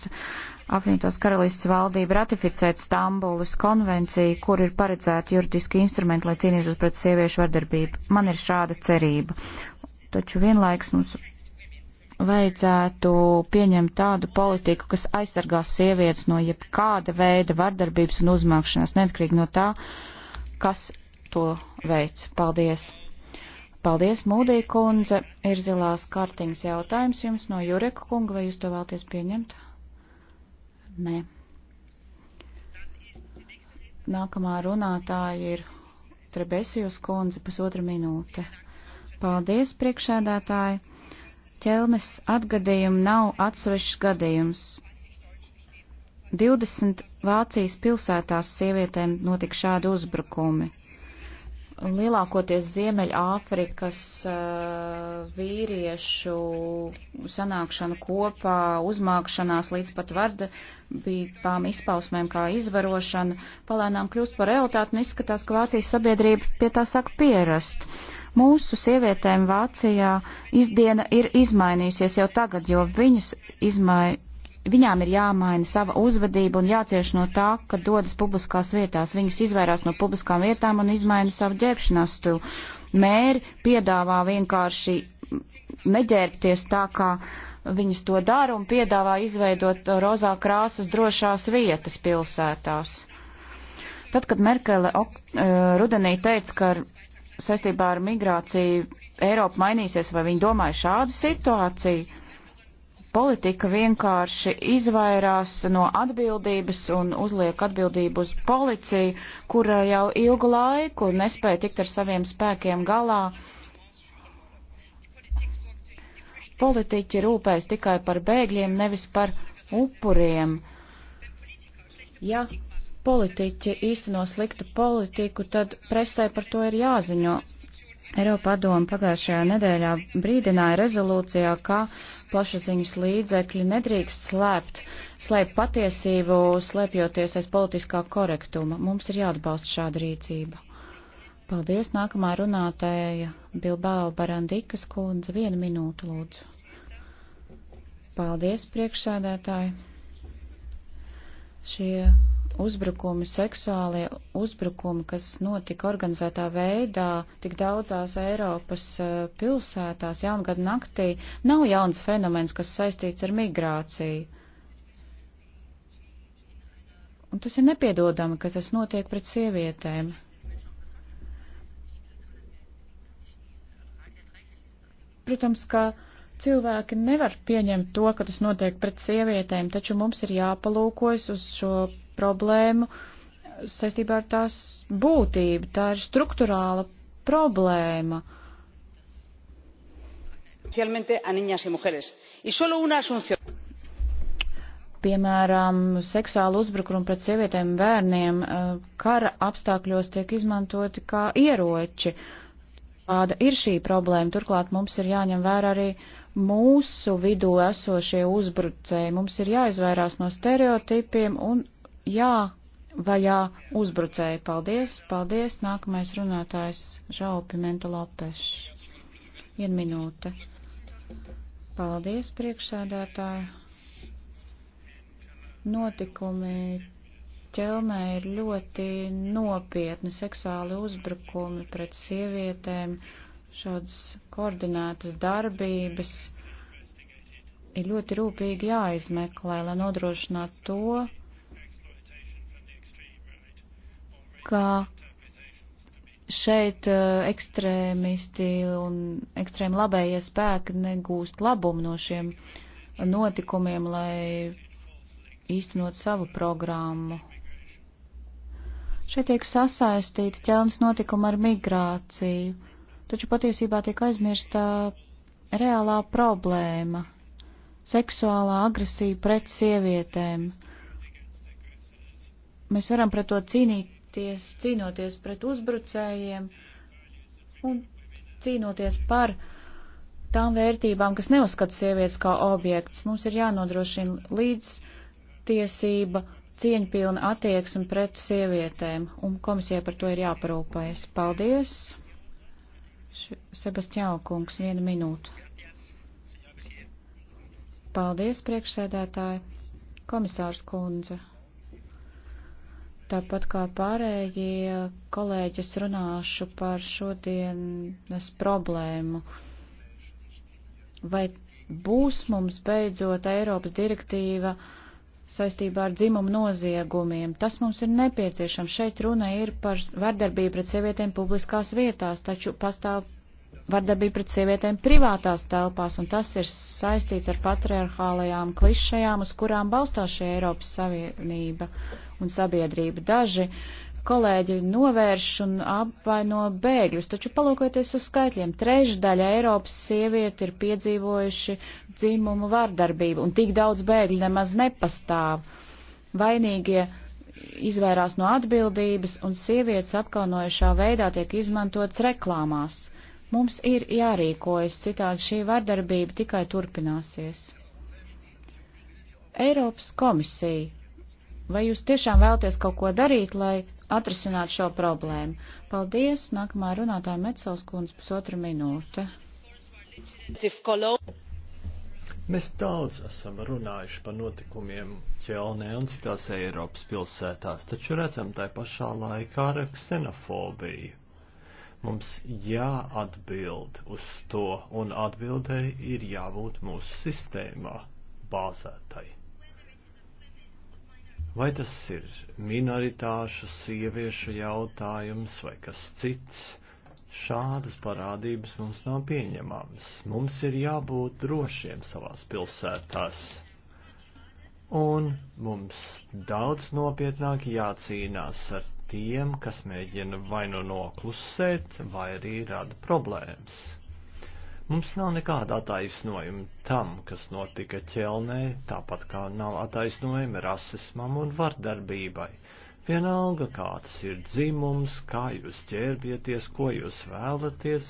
apvienotās karalists valdību ratificēt Stambulas konvenciju, kur ir paredzēti juridiski instrumenti, lai cīnītos pret sieviešu vardarbību. Man ir šāda cerība. Taču vienlaiks mums vajadzētu pieņemt tādu politiku, kas aizsargās sievietes no jebkāda veida vardarbības un uzmākšanās, neatkarīgi no tā, kas to veids. Paldies! Paldies, Mūdī kundze! Ir zilās kartiņas jautājums jums no Jureka kunga, vai jūs to vēlties pieņemt? Nē. Nākamā runātāja ir Trebesijus kundze, pusotra minūte. Paldies, priekšēdētāji! ķelnes atgadījumi nav atsevišķs gadījums. 20 Vācijas pilsētās sievietēm notika šādi uzbrukumi. Lielākoties Ziemeļāfrikas uh, vīriešu sanākšana kopā, uzmākšanās līdz pat vardarbībām, izpausmēm kā izvarošana, palēnām kļūst par realitāti un izskatās, ka Vācijas sabiedrība pie tā sāk pierast. Uh, Mūsu sievietēm Vācijā izdiena ir izmainījusies jau tagad, jo viņas izmai, viņām ir jāmaina sava uzvedība un jācieš no tā, ka dodas publiskās vietās. Viņas izvairās no publiskām vietām un izmaina savu ģērbšanās stilu. Mēri piedāvā vienkārši neģērbties tā, kā viņas to dara un piedāvā izveidot rozā krāsas drošās vietas pilsētās. Tad, kad Merkele ok, eh, rudenī teica, ka ar saistībā ar migrāciju Eiropa mainīsies, vai viņi domāja šādu situāciju? Politika vienkārši izvairās no atbildības un uzliek atbildību uz policiju, kura jau ilgu laiku nespēja tikt ar saviem spēkiem galā. Politiķi rūpēs tikai par bēgļiem, nevis par upuriem. Ja politiķi īsteno sliktu politiku, tad presē par to ir jāziņo. Eiropa padoma pagājušajā nedēļā brīdināja rezolūcijā, ka plašaziņas līdzekļi nedrīkst slēpt, slēpt patiesību, slēpjoties aiz politiskā korektuma. Mums ir jāatbalsta šāda rīcība. Paldies, nākamā runātāja Bilbao Barandikas kundze, vienu minūtu lūdzu. Paldies, priekšsēdētāji. Šie uzbrukumi, seksuālie uzbrukumi, kas notika organizētā veidā tik daudzās Eiropas eh, pilsētās jaungada naktī, nav jauns fenomens, kas saistīts ar migrāciju. Un tas ir nepiedodami, ka tas notiek pret sievietēm. Protams, ka cilvēki nevar pieņemt to, ka tas notiek pret sievietēm, taču mums ir jāpalūkojas uz šo problēmu saistībā ar tās būtību. Tā ir struktūrāla problēma. Piemēram, seksuāla uzbrukuma pret sievietēm un bērniem eh, kara apstākļos tiek izmantoti kā ieroči. Tāda ir šī problēma. Turklāt mums ir jāņem vērā arī mūsu vidū esošie uzbrucēji. Mums ir jāizvairās no stereotipiem un jā vajā uzbrucēji. Paldies, paldies. Nākamais runātājs Žau Pimenta Lopešs. Vien minūte. Paldies, priekšsēdētāji. Notikumi ķelnē ir ļoti nopietni seksuāli uzbrukumi pret sievietēm, šādas koordinētas darbības ir ļoti rūpīgi jāizmeklē, lai nodrošinātu to, ka šeit uh, ekstrēmisti un ekstrēmi labējie spēki negūst labumu no šiem notikumiem, lai īstenot savu programmu. Šeit tiek sasaistīta ķelnes notikuma ar migrāciju, taču patiesībā tiek aizmirstā reālā problēma - seksuālā agresija pret sievietēm. Mēs varam pret to cīnīt ties, cīnoties pret uzbrucējiem un cīnoties par tām vērtībām, kas neuzskata sievietes kā objekts. Mums ir jānodrošina līdztiesība, cieņpilna attieksme pret sievietēm, un komisija par to ir jāparūpējas. Paldies! Sebastiāna kungs, viena minūte. Paldies, priekšsēdētāji, komisārs kundze. Tāpat kā pārējie kolēģis runāšu par šodienas problēmu. Vai būs mums beidzot Eiropas direktīva saistībā ar dzimumu noziegumiem? Tas mums ir nepieciešams. Šeit runa ir par vardarbību pret sievietēm publiskās vietās, taču pastāv vardarbība pret sievietēm privātās telpās, un tas ir saistīts ar patriarchālajām klišajām, uz kurām balstās šī Eiropas Savienība. Uh, un sabiedrību. Daži kolēģi novērš un apvaino bēgļus, taču palūkoties uz skaitļiem, trešdaļa Eiropas sievieti ir piedzīvojuši dzimumu vardarbību, un tik daudz bēgļu nemaz nepastāv. Vainīgie izvairās no atbildības, un sievietes apkaunojušā veidā tiek izmantotas reklāmās. Mums ir jārīkojas, citādi šī vardarbība tikai turpināsies. Eiropas komisija Vai jūs tiešām vēlaties kaut ko darīt, lai atrisināt šo problēmu? Paldies. Nākamā runātāja Mecels kundze pusotra minūte. Mēs daudz esam runājuši par notikumiem Ķelnē un citās Eiropas pilsētās, taču redzam tai pašā laikā ar ksenofobiju. Mums jāatbild uz to, un atbildēji ir jābūt mūsu sistēmā bāzētai. Vai tas ir minoritāšu, sieviešu jautājums vai kas cits? Šādas parādības mums nav pieņemamas. Mums ir jābūt drošiem savās pilsētās. Un mums daudz nopietnāk jācīnās ar tiem, kas mēģina vai nu noklusēt, vai arī rada problēmas. Mums nav nekāda attaisnojuma tam, kas notika ķelnē, tāpat kā nav attaisnojuma rasismam un vardarbībai. Vienalga, kāds ir dzimums, kā jūs ķērbieties, ko jūs vēlaties,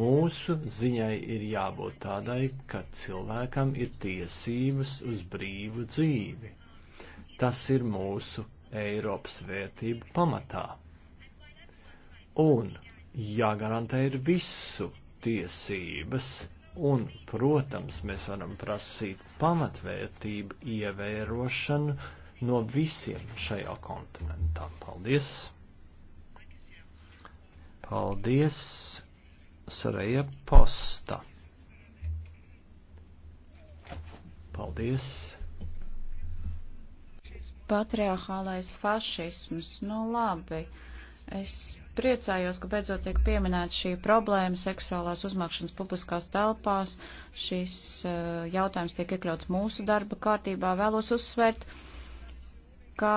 mūsu ziņai ir jābūt tādai, ka cilvēkam ir tiesības uz brīvu dzīvi. Tas ir mūsu Eiropas vērtību pamatā. Un jāgarantē ir visu tiesības, un, protams, mēs varam prasīt pamatvērtību ievērošanu no visiem šajā kontinentā. Paldies! Paldies, Sareja Posta! Paldies! Patriarchālais fašisms, nu labi, es priecājos, ka beidzot tiek pieminēta šī problēma seksuālās uzmākšanas publiskās telpās. Šis uh, jautājums tiek iekļauts mūsu darba kārtībā. Vēlos uzsvērt, ka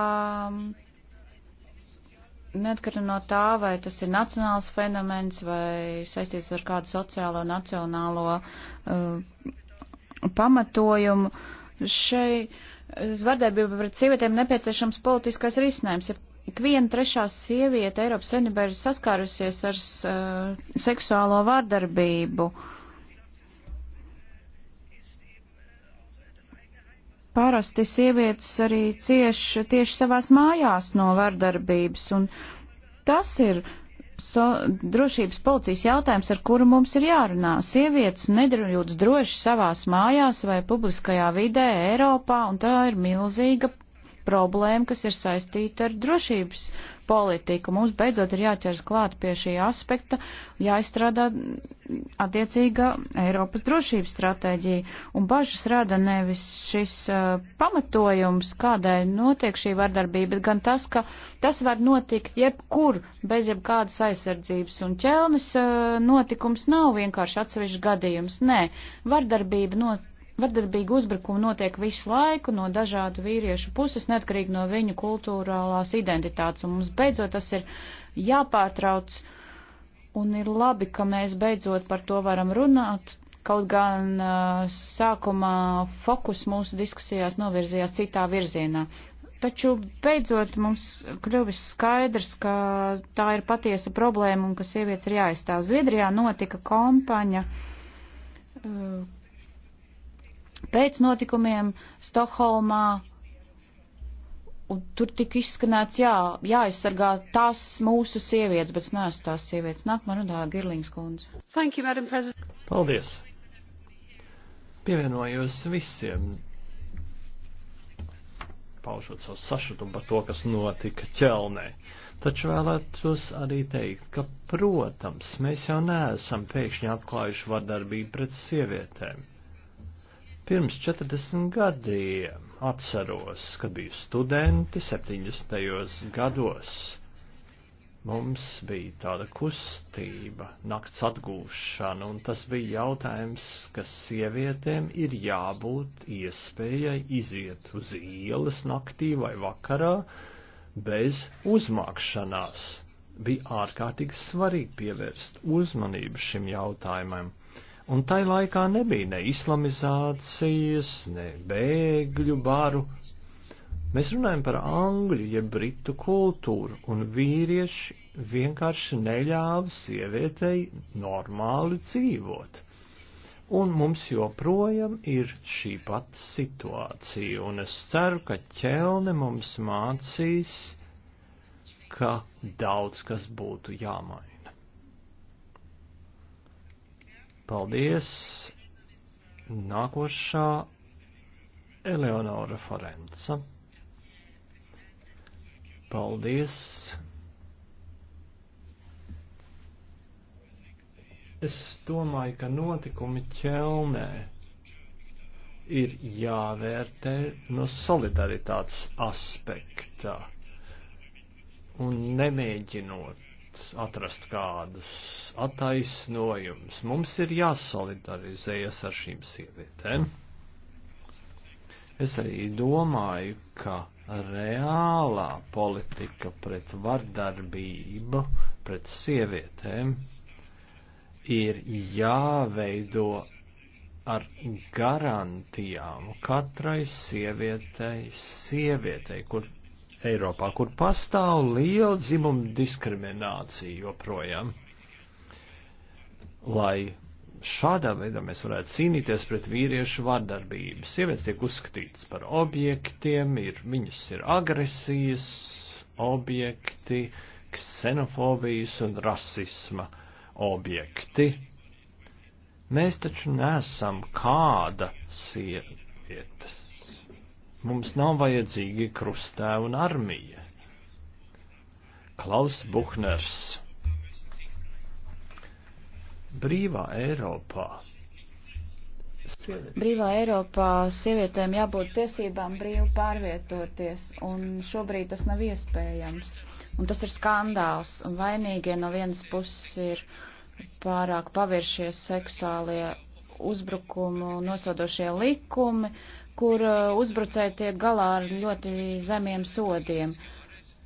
mm, neatkarīgi no tā, vai tas ir nacionāls fenomens vai saistīts ar kādu sociālo nacionālo uh, pamatojumu, šeit vardarbība pret sievietēm nepieciešams politiskais risinājums. Ik viena trešā sieviete Eiropas Savienībā ir saskārusies ar uh, seksuālo vardarbību. Parasti sievietes arī cieš tieši savās mājās no vardarbības, un tas ir uh, so, drošības policijas jautājums, ar kuru mums ir jārunā. Sievietes nedarījūtas droši savās mājās vai publiskajā vidē Eiropā, un tā ir milzīga problēma, kas ir saistīta ar drošības politiku. Mums beidzot ir jāķers klāt pie šī aspekta, jāizstrādā attiecīga Eiropas drošības stratēģija. Un bažas rada nevis šis uh, pamatojums, kādēļ notiek šī vardarbība, bet gan tas, ka tas var notikt jebkur bez jebkādas aizsardzības. Un ķelnis uh, notikums nav vienkārši atsevišķs gadījums. Nē, vardarbība notiek Vardarbīgi uzbrukumi notiek visu laiku no dažādu vīriešu puses, neatkarīgi no viņu kultūrālās identitātes, un mums beidzot tas ir jāpārtrauc, un ir labi, ka mēs beidzot par to varam runāt, kaut gan uh, sākumā fokus mūsu diskusijās novirzījās citā virzienā. Taču beidzot mums kļuvis skaidrs, ka tā ir patiesa problēma un ka sievietes ir jāaizstāv. Zviedrijā notika kampaņa, uh, pēc notikumiem Stokholmā. Un tur tika izskanēts, jā, jāaizsargā tās mūsu sievietes, bet es neesmu tās sievietes. Nākamā runā Girlings kundze. Thank you, Madam President. Paldies. Pievienojos visiem paužot savu sašutumu par to, kas notika ķelnē. Taču vēlētos arī teikt, ka, protams, mēs jau neesam pēkšņi atklājuši vardarbību pret sievietēm. Pirms 40 gadiem atceros, kad biju studenti 70. gados. Mums bija tāda kustība, nakts atgūšana, un tas bija jautājums, ka sievietēm ir jābūt iespējai iziet uz ielas naktī vai vakarā bez uzmākšanās bija ārkārtīgi svarīgi pievērst uzmanību šim jautājumam. Un tai laikā nebija ne islamizācijas, ne bēgļu baru. Mēs runājam par angļu, jeb ja britu kultūru, un vīrieši vienkārši neļāva sievietei normāli dzīvot. Un mums joprojām ir šī pati situācija, un es ceru, ka ķelne mums mācīs, ka daudz kas būtu jāmaina. Paldies! Nākošā Eleonora Forenca. Paldies! Es domāju, ka notikumi ķelnē ir jāvērtē no solidaritātes aspekta un nemēģinot atrast kādus attaisnojums. Mums ir jāsolidarizējas ar šīm sievietēm. Es arī domāju, ka reālā politika pret vardarbību, pret sievietēm ir jāveido ar garantijām katrai sievietei, sievietei, kur Eiropā, kur pastāv liela dzimuma diskriminācija joprojām. Lai šādā veidā mēs varētu cīnīties pret vīriešu vardarbību. Sievietes tiek uzskatītas par objektiem, ir, viņas ir agresijas objekti, ksenofobijas un rasisma objekti. Mēs taču nesam kāda sievietes. Mums nav vajadzīgi krustēva un armija. Klaus Buhners. Brīvā Eiropā. Brīvā Eiropā sievietēm jābūt tiesībām brīvi pārvietoties, un šobrīd tas nav iespējams. Un tas ir skandāls, un vainīgie no vienas puses ir pārāk paviršies seksuālie uzbrukumu nosodošie likumi, kur uh, uzbrucēji tiek galā ar ļoti zemiem sodiem.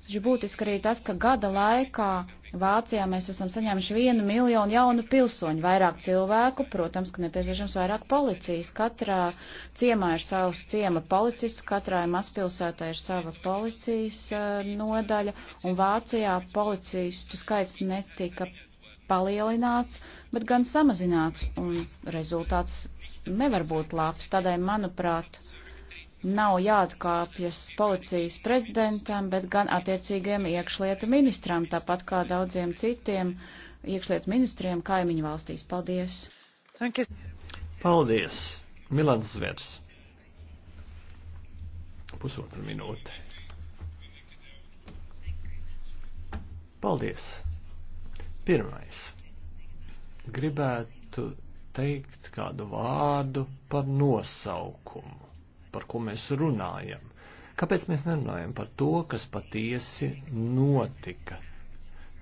Taču būtiski arī tas, ka gada laikā Vācijā mēs esam saņēmuši vienu miljonu jaunu pilsoņu, vairāk cilvēku, protams, ka nepieciešams vairāk policijas. Katrā ciemā ir savs ciema policists, katrā mazpilsētā ir sava policijas uh, nodaļa, un Vācijā policistu skaits netika palielināts, bet gan samazināts, un rezultāts nevar būt labs. Tādēļ, manuprāt, nav jāatkāpjas policijas prezidentam, bet gan attiecīgiem iekšlietu ministram, tāpat kā daudziem citiem iekšlietu ministriem kaimiņu valstīs. Paldies! Paldies! Milans Zvers. Pusotra minūte. Paldies! Pirmais. Gribētu teikt kādu vārdu par nosaukumu, par ko mēs runājam. Kāpēc mēs nerunājam par to, kas patiesi notika?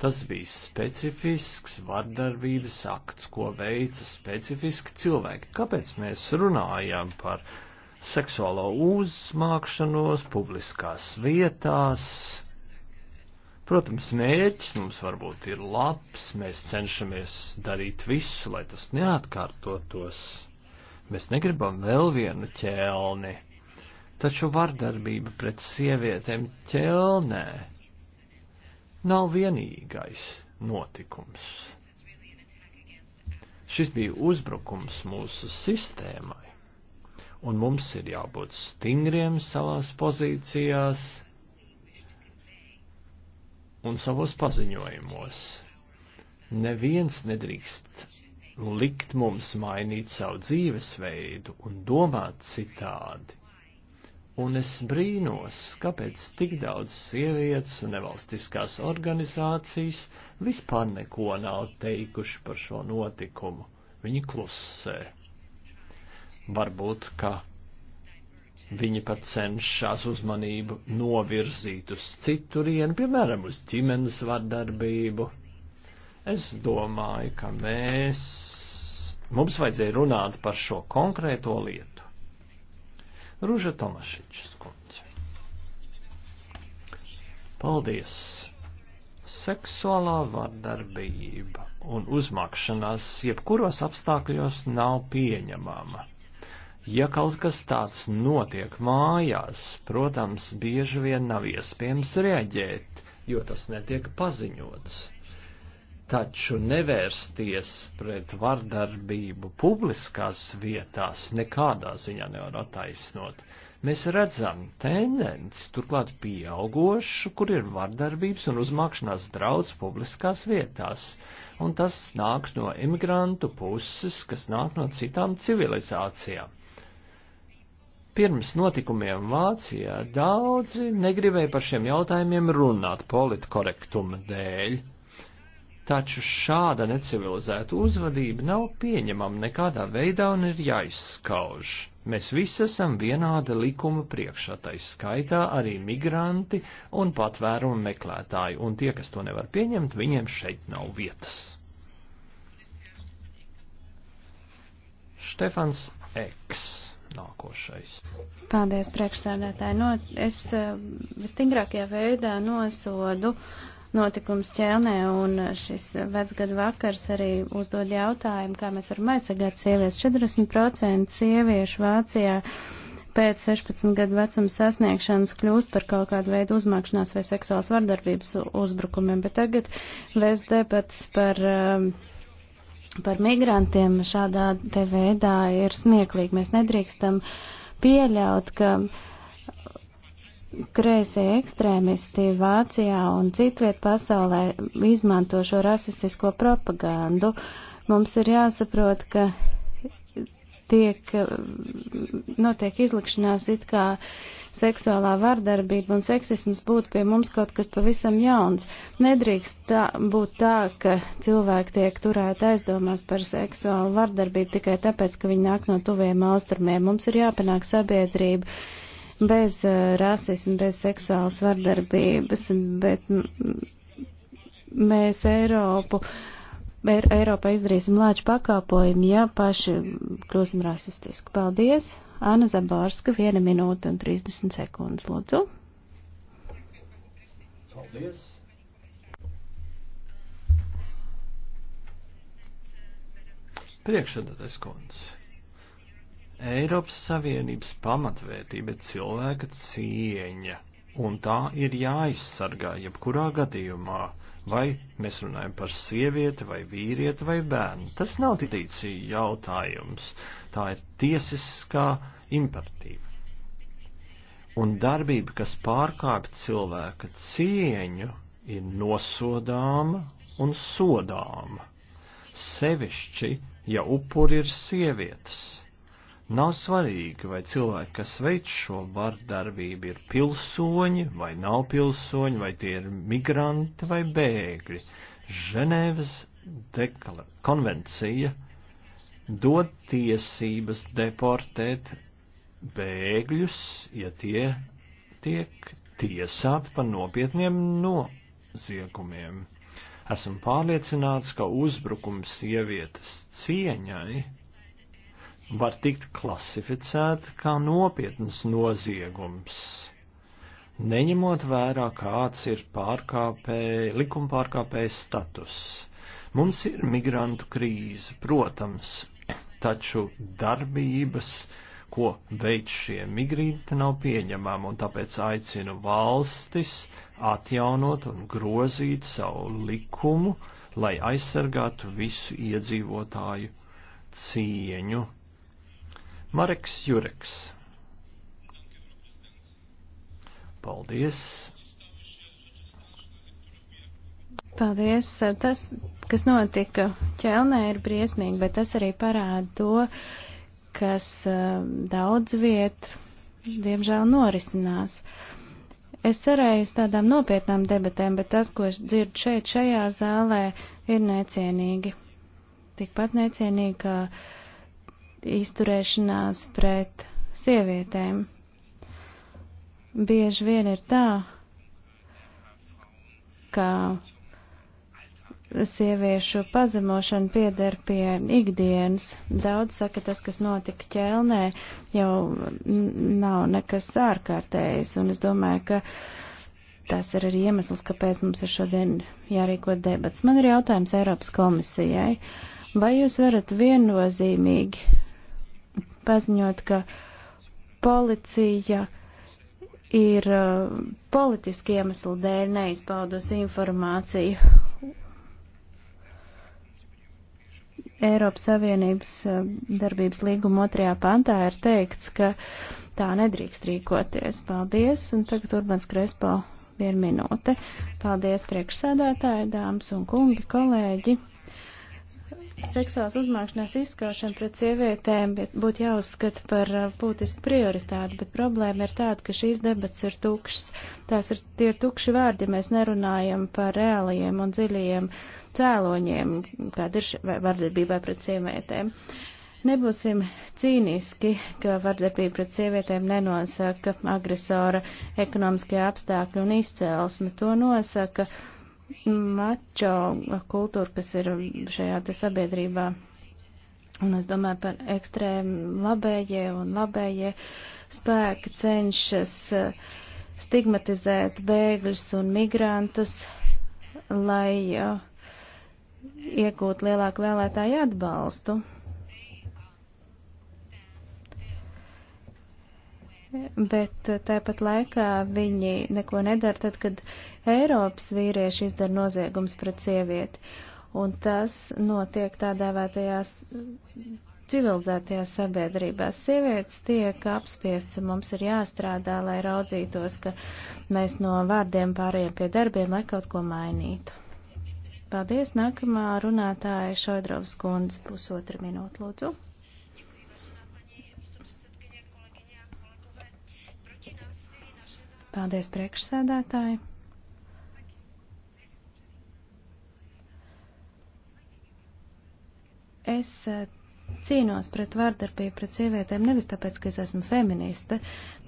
Tas bija specifisks vardarbības akts, ko veica specifiski cilvēki. Kāpēc mēs runājam par seksuālo uzmākšanos publiskās vietās, Protams, mērķis mums varbūt ir labs, mēs cenšamies darīt visu, lai tas neatkārtotos. Mēs negribam vēl vienu ķelni, taču vardarbība pret sievietēm ķelnē nav vienīgais notikums. Šis bija uzbrukums mūsu sistēmai, un mums ir jābūt stingriem savās pozīcijās un savos paziņojumos. Neviens nedrīkst likt mums mainīt savu dzīvesveidu un domāt citādi. Un es brīnos, kāpēc tik daudz sievietes un nevalstiskās organizācijas vispār neko nav teikuši par šo notikumu. Viņi klusē. Varbūt, ka Viņi pat cenšas uzmanību novirzīt uz citurienu, piemēram, uz ģimenes vardarbību. Es domāju, ka mēs, mums vajadzēja runāt par šo konkrēto lietu. Ruža Tomašičs, kundze. Paldies! Seksuālā vardarbība un uzmākšanās jebkuros apstākļos nav pieņemama Ja kaut kas tāds notiek mājās, protams, bieži vien nav iespējams reaģēt, jo tas netiek paziņots. Taču nevērsties pret vardarbību publiskās vietās nekādā ziņā nevar attaisnot. Mēs redzam tendenci, turklāt pieaugošu, kur ir vardarbības un uzmākšanās draudz publiskās vietās, un tas nāk no imigrantu puses, kas nāk no citām civilizācijām pirms notikumiem Vācijā daudzi negribēja par šiem jautājumiem runāt politkorektuma dēļ. Taču šāda necivilizēta uzvadība nav pieņemama nekādā veidā un ir jāizskauž. Mēs visi esam vienāda likuma priekšā, tai skaitā arī migranti un patvērumu meklētāji, un tie, kas to nevar pieņemt, viņiem šeit nav vietas. Štefans Eks nākošais. Paldies, priekšsēdētāji. No, es eh, visstingrākajā veidā nosodu notikums ķelnē, un šis vecgadu vakars arī uzdod jautājumu, kā mēs varam aizsargāt sievietes. 40% sieviešu Vācijā pēc 16 gadu vecuma sasniegšanas kļūst par kaut kādu veidu uzmākšanās vai seksuālas vardarbības uzbrukumiem, bet tagad vēst debats par uh, um, par migrantiem šādā te veidā ir smieklīgi. Mēs nedrīkstam pieļaut, ka kreisie ekstrēmisti Vācijā un citviet pasaulē izmanto šo rasistisko propagandu. Mums ir jāsaprot, ka tiek, notiek izlikšanās it kā seksuālā vardarbība un seksisms būtu pie mums kaut kas pavisam jauns. Nedrīkst tā, būt tā, ka cilvēki tiek turēti aizdomās par seksuālu vardarbību tikai tāpēc, ka viņi nāk no tuviem austrumiem. Mums ir jāpanāk sabiedrība bez uh, eh, rasismu, bez seksuālas vardarbības, bet mēs Eiropu uh, Eiropā izdarīsim lāču pakāpojumu, ja paši kļūsim rasistiski. Paldies! Ana Zabārska, 1 minūte un 30 sekundes, lūdzu. Paldies! Priekšsēdētais kundze. Eiropas Savienības pamatvērtība ir cilvēka cieņa, un tā ir jāaizsargā jebkurā gadījumā vai mēs runājam par sievieti, vai vīrieti, vai bērnu. Tas nav ticīcija jautājums, tā ir tiesiskā imperatīva. Un darbība, kas pārkāpj cilvēka cieņu, ir nosodāma un sodāma. Sevišķi, ja upuri ir sievietes. Nav svarīgi, vai cilvēki, kas veic šo vardarbību, ir pilsoņi vai nav pilsoņi, vai tie ir migranti vai bēgļi. Ženēvas dekla, konvencija dod tiesības deportēt bēgļus, ja tie tiek tiesāti par nopietniem noziegumiem. Esmu pārliecināts, ka uzbrukums sievietes cieņai var tikt klasificēti kā nopietnas noziegums, neņemot vērā, kāds ir pārkāpēja, likuma pārkāpēja status. Mums ir migrantu krīze, protams, taču darbības, ko veic šie migranti, nav pieņemama, un tāpēc aicinu valstis atjaunot un grozīt savu likumu, lai aizsargātu visu iedzīvotāju cieņu Mareks Jureks. Paldies! Paldies! Tas, kas notika ķelnē, ir briesmīgi, bet tas arī parāda to, kas um, daudz viet, diemžēl, norisinās. Es cerēju uz tādām nopietnām debatēm, bet tas, ko es dzirdu šeit, šajā zālē, ir necienīgi. Tikpat necienīgi, ka izturēšanās pret sievietēm. Bieži vien ir tā, ka sieviešu pazemošana pieder pie ikdienas. Daudz saka, tas, kas notika ķelnē, jau nav nekas ārkārtējs, un es domāju, ka tas ir arī iemesls, kāpēc mums ir šodien jārīko debats. Man ir jautājums Eiropas komisijai. Vai jūs varat viennozīmīgi paziņot, ka policija ir uh, politiski iemesli dēļ neizpaudus informāciju. Eiropas Savienības uh, darbības līguma otrajā pantā ir teikts, ka tā nedrīkst rīkoties. Paldies, un tagad Urbans Krespo vienu minūte. Paldies priekšsēdētāji, dāmas un kungi, kolēģi seksuāls uzmākšanās izskaušana pret sievietēm būtu jāuzskata par uh, būtisku prioritāti, bet problēma ir tāda, ka šīs debats ir tukšas. Tās ir tie ir tukši vārdi, ja mēs nerunājam par reālajiem un dziļajiem cēloņiem, kāda ir vardarbībā pret sievietēm. Nebūsim cīniski, ka vardarbība pret sievietēm nenosaka agresora ekonomiskie apstākļi un izcēlesme. To nosaka. Uh, mačo kultūru, kas ir šajā te sabiedrībā. Un es domāju par ekstrēmu labējie un labējie spēki cenšas eh, stigmatizēt bēgļus un migrantus, lai eh, iegūtu lielāku vēlētāju atbalstu. Bet eh, tāpat laikā viņi neko nedara tad, kad Eiropas vīrieši izdara noziegums pret sievieti, un tas notiek tādā vētajās civilizētajās sabiedrībās. Sievietes tiek apspiestas, un mums ir jāstrādā, lai raudzītos, ka mēs no vārdiem pārējiem pie darbiem, lai kaut ko mainītu. Paldies. Nākamā runātāja Šoidrovs kundze pusotra minūte, lūdzu. Paldies, priekšsēdētāji. Es eh, cīnos pret vārdarbību pret sievietēm nevis tāpēc, ka es esmu feministe,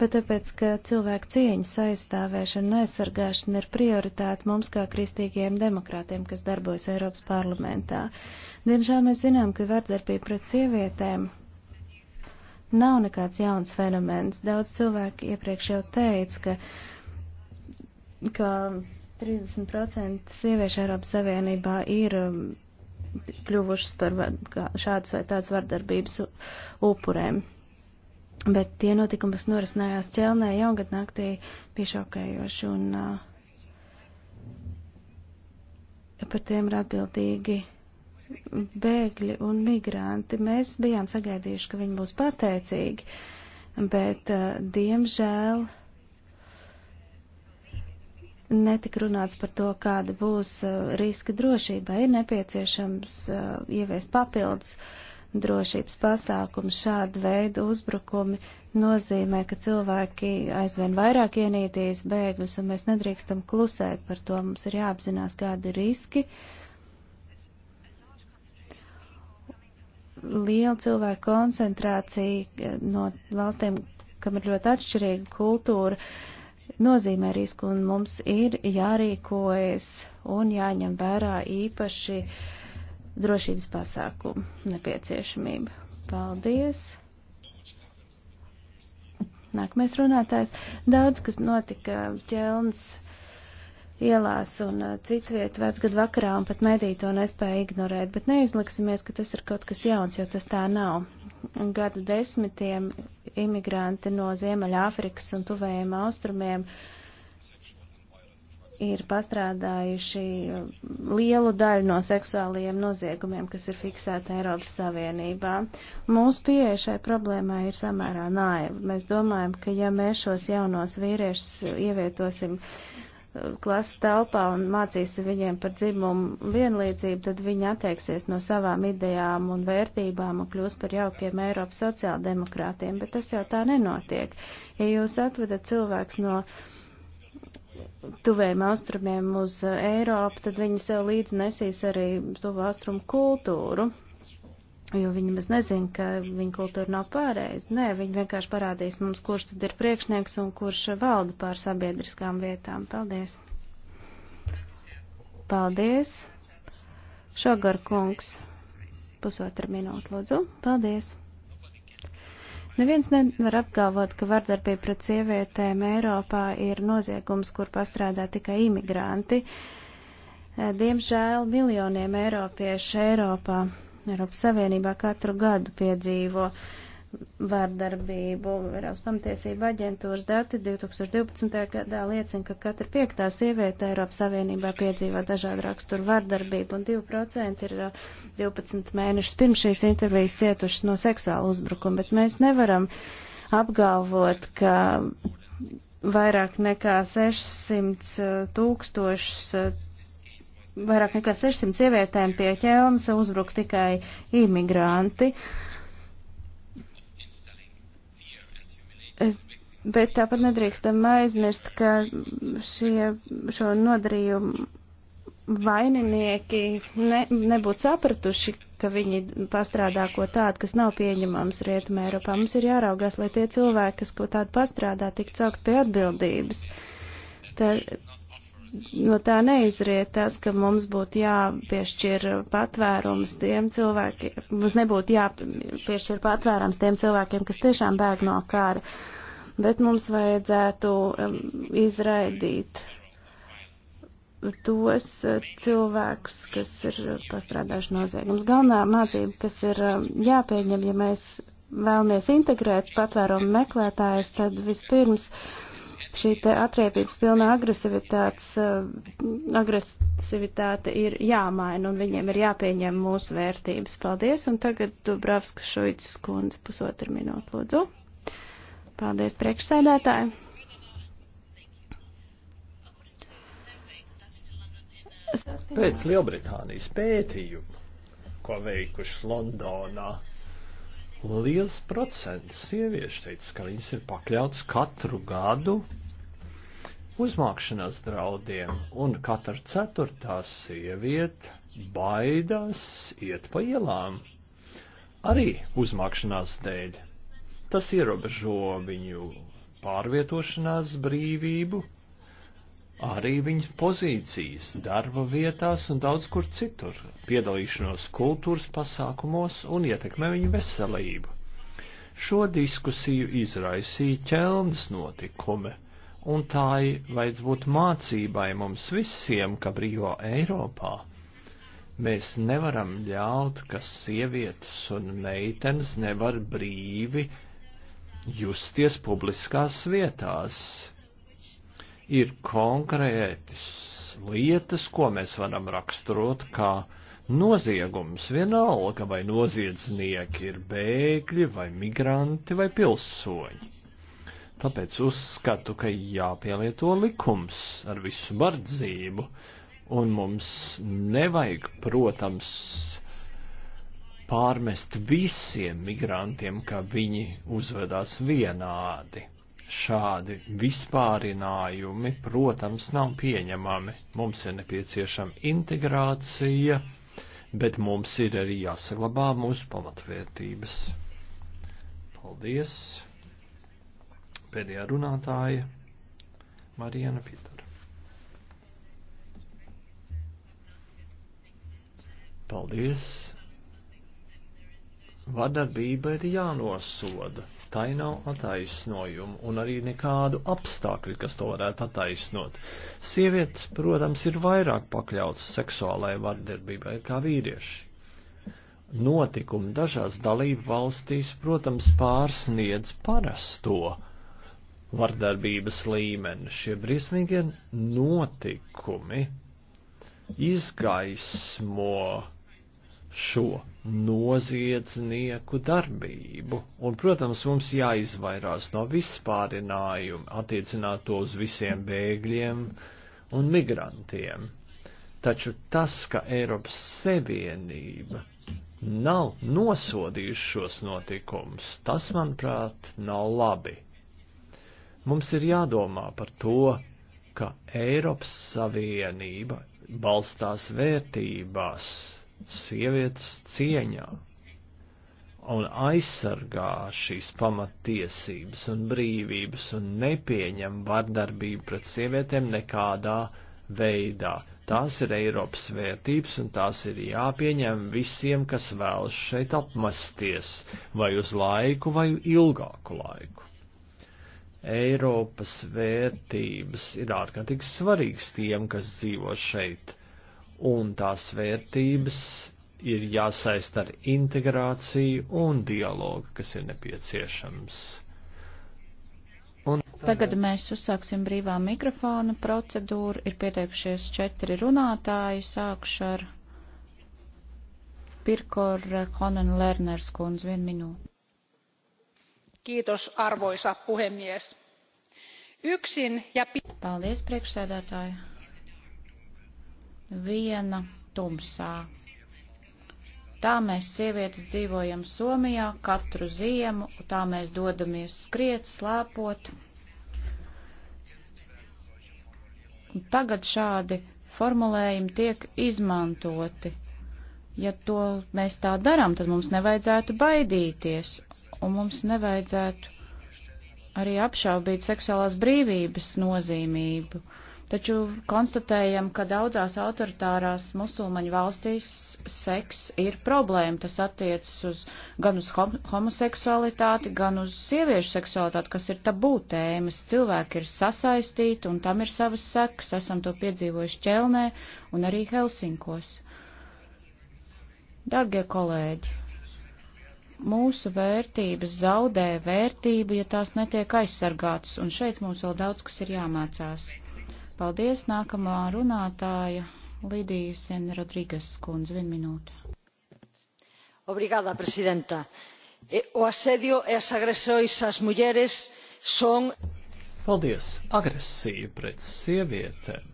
bet tāpēc, ka cilvēku cieņas aizstāvēšana un aizsargāšana ir prioritāte mums kā kristīgiem demokrātiem, kas darbojas Eiropas parlamentā. Diemžēl mēs zinām, ka vārdarbība pret sievietēm nav nekāds jauns fenomens. Daudz cilvēku iepriekš jau teica, ka, ka 30% sieviešu Eiropas Savienībā ir um, kļuvušas par šādas vai tādas vardarbības upurēm. Bet tie notikumi, kas norisinājās ķelnē jaungad naktī, bija šokējoši un uh, par tiem ir atbildīgi bēgļi un migranti. Mēs bijām sagaidījuši, ka viņi būs pateicīgi, bet, uh, diemžēl, uh, netika runāts par to, kāda būs uh, riska drošība. Ir nepieciešams uh, ieviest papildus drošības pasākums. Šāda veida uzbrukumi nozīmē, ka cilvēki aizvien vairāk ienīdīs bēgļus, un mēs nedrīkstam klusēt par to. Mums ir jāapzinās, kādi ir riski. Liela cilvēku koncentrācija eh, no valstiem, kam ir ļoti atšķirīga kultūra, uh, nozīmē risku, un mums ir jārīkojas un jāņem vērā īpaši drošības pasākumu nepieciešamība. Paldies! Nākamais runātājs. Daudz, kas notika ķelns ielās un uh, citviet vecgadu vakarā, un pat medī to nespēja ignorēt, bet neizliksimies, ka tas ir kaut kas jauns, jo tas tā nav. Gadu desmitiem imigranti no Ziemeļāfrikas un tuvējiem austrumiem ir pastrādājuši uh, lielu daļu no seksuālajiem noziegumiem, kas ir fiksēta Eiropas Savienībā. Mūsu pieeja šai problēmai ir samērā naiva. Mēs domājam, ka ja mēs šos jaunos vīriešus uh, ievietosim uh, klases telpā un mācīsi viņiem par dzimumu vienlīdzību, tad viņi attieksies no savām idejām un vērtībām un kļūs par jaukiem Eiropas sociāldemokrātiem, bet tas jau tā nenotiek. Ja jūs atvedat cilvēks no tuvējiem austrumiem uz Eiropu, tad viņi sev līdz nesīs arī tuvu austrumu kultūru jo viņi maz nezina, ka viņa kultūra nav pareiza. Nē, viņi vienkārši parādīs mums, kurš tad ir priekšnieks un kurš valda pār sabiedriskām vietām. Paldies! Paldies! Šogar kungs, pusotra minūte, lūdzu. Paldies! Neviens nevar apgalvot, ka vardarbība pret sievietēm Eiropā ir noziegums, kur pastrādā tikai imigranti. Diemžēl miljoniem eiropiešu Eiropā Eiropas Savienībā katru gadu piedzīvo vārdarbību. Eiropas pamatiesība aģentūras dati 2012. gadā liecina, ka katra piektā sieviete Eiropas Savienībā piedzīvo dažādu raksturu vārdarbību, un 2% ir 12 uh, mēnešus pirms šīs intervijas cietušas no seksuāla uzbrukuma, bet mēs nevaram apgalvot, ka vairāk nekā 600 uh, tūkstošus uh, vairāk nekā 600 sievietēm pie ķelnes uzbruk tikai imigranti. Es, bet tāpat nedrīkstam aizmirst, ka šie, šo nodarījumu vaininieki ne, nebūtu sapratuši, ka viņi pastrādā ko tādu, kas nav pieņemams Rietumē Eiropā. Mums ir jāraugās, lai tie cilvēki, kas ko tādu pastrādā, tik caukt pie atbildības. Tā, no tā neizriet tas, ka mums būtu jāpiešķir patvērums tiem cilvēkiem, mums nebūtu jāpiešķir patvērums tiem cilvēkiem, kas tiešām bēg no kara, bet mums vajadzētu um, izraidīt tos cilvēkus, kas ir pastrādājuši noziegums. Galvenā mācība, kas ir um, jāpieņem, ja mēs vēlamies integrēt patvērumu meklētājus, tad vispirms uh, šī te atriebības pilna agresivitātes, eh, agresivitāte ir jāmaina un viņiem ir jāpieņem mūsu vērtības. Paldies, un tagad Dubravska Šuicis kundze pusotru minūtu lūdzu. Paldies priekšsēdētāji. Pēc Lielbritānijas pētījumu, ko veikuši Londonā, liels procents sieviešu teica, ka viņas ir pakļauts katru gadu uzmākšanās draudiem, un katra ceturtā sieviete baidās iet pa ielām. Arī uzmākšanās dēļ. Tas ierobežo viņu pārvietošanās brīvību, arī viņas pozīcijas darba vietās un daudz kur citur, piedalīšanos kultūras pasākumos un ietekmē viņu veselību. Šo diskusiju izraisīja ķelnes notikumi, un tā vajadz būt mācībai mums visiem, ka brīvo Eiropā mēs nevaram ļaut, ka sievietes un meitenes nevar brīvi justies publiskās vietās ir konkrētas lietas, ko mēs varam raksturot kā noziegums. Vienalga, vai noziedznieki ir bēgļi, vai migranti, vai pilsoņi. Tāpēc uzskatu, ka jāpielieto likums ar visu bardzību, un mums nevajag, protams, pārmest visiem migrantiem, ka viņi uzvedās vienādi šādi vispārinājumi, protams, nav pieņemami. Mums ir nepieciešama integrācija, bet mums ir arī jāsaglabā mūsu pamatvērtības. Paldies! Pēdējā runātāja Marijana Pitara. Paldies! Vardarbība ir jānosoda tai nav attaisnojumu un arī nekādu apstākļu, kas to varētu attaisnot. Sievietes, protams, ir vairāk pakļauts seksuālai vardarbībai kā vīrieši. Notikumi dažās dalību valstīs, protams, pārsniedz parasto vardarbības līmeni. Šie briesmīgie notikumi izgaismo šo noziedznieku darbību. Un, protams, mums jāizvairās no vispārinājuma attiecināt to uz visiem bēgļiem un migrantiem. Taču tas, ka Eiropas Savienība nav nosodījusi šos notikumus, tas, manuprāt, nav labi. Mums ir jādomā par to, ka Eiropas Savienība balstās vērtībās, sievietes cieņā un aizsargā šīs pamatiesības un brīvības un nepieņem vardarbību pret sievietēm nekādā veidā. Tās ir Eiropas vērtības un tās ir jāpieņem visiem, kas vēlas šeit apmasties, vai uz laiku, vai ilgāku laiku. Eiropas vērtības ir ārkārtīgi svarīgas tiem, kas dzīvo šeit un tās vērtības ir jāsaist ar integrāciju un dialogu, kas ir nepieciešams. Un... Tagad mēs uzsāksim brīvā mikrofona procedūru. Ir pieteikušies četri runātāji. Sākšu ar Pirkor Honen Lerners kundz vienu minūti. Kiitos, arvoisa puhemies. Yksin ja... Paldies, priekšsēdētāji viena tumsā. Tā mēs sievietes dzīvojam Somijā katru ziemu, tā mēs dodamies skriet, slēpot. Un tagad šādi formulējumi tiek izmantoti. Ja to mēs tā darām, tad mums nevajadzētu baidīties, un mums nevajadzētu arī apšaubīt seksuālās brīvības nozīmību. Uh, Taču konstatējam, ka daudzās autoritārās musulmaņu valstīs seks ir problēma. Tas attiecas uz, gan uz homoseksualitāti, gan uz sieviešu seksualitāti, kas ir tabū tēmas. Cilvēki ir sasaistīti un tam ir savas sekas. Esam to piedzīvojuši Čelnē un arī Helsinkos. Dargie kolēģi! mūsu vērtības zaudē vērtību, ja tās netiek aizsargātas, un šeit mums vēl daudz kas ir jāmācās. Paldies, nākamā runātāja Lidija Sen Rodrīgas skundze, vienu minūtu. Obrigada, presidenta. E, o asedio, es agresores, as mulheres son. Paldies, agresija pret sievietēm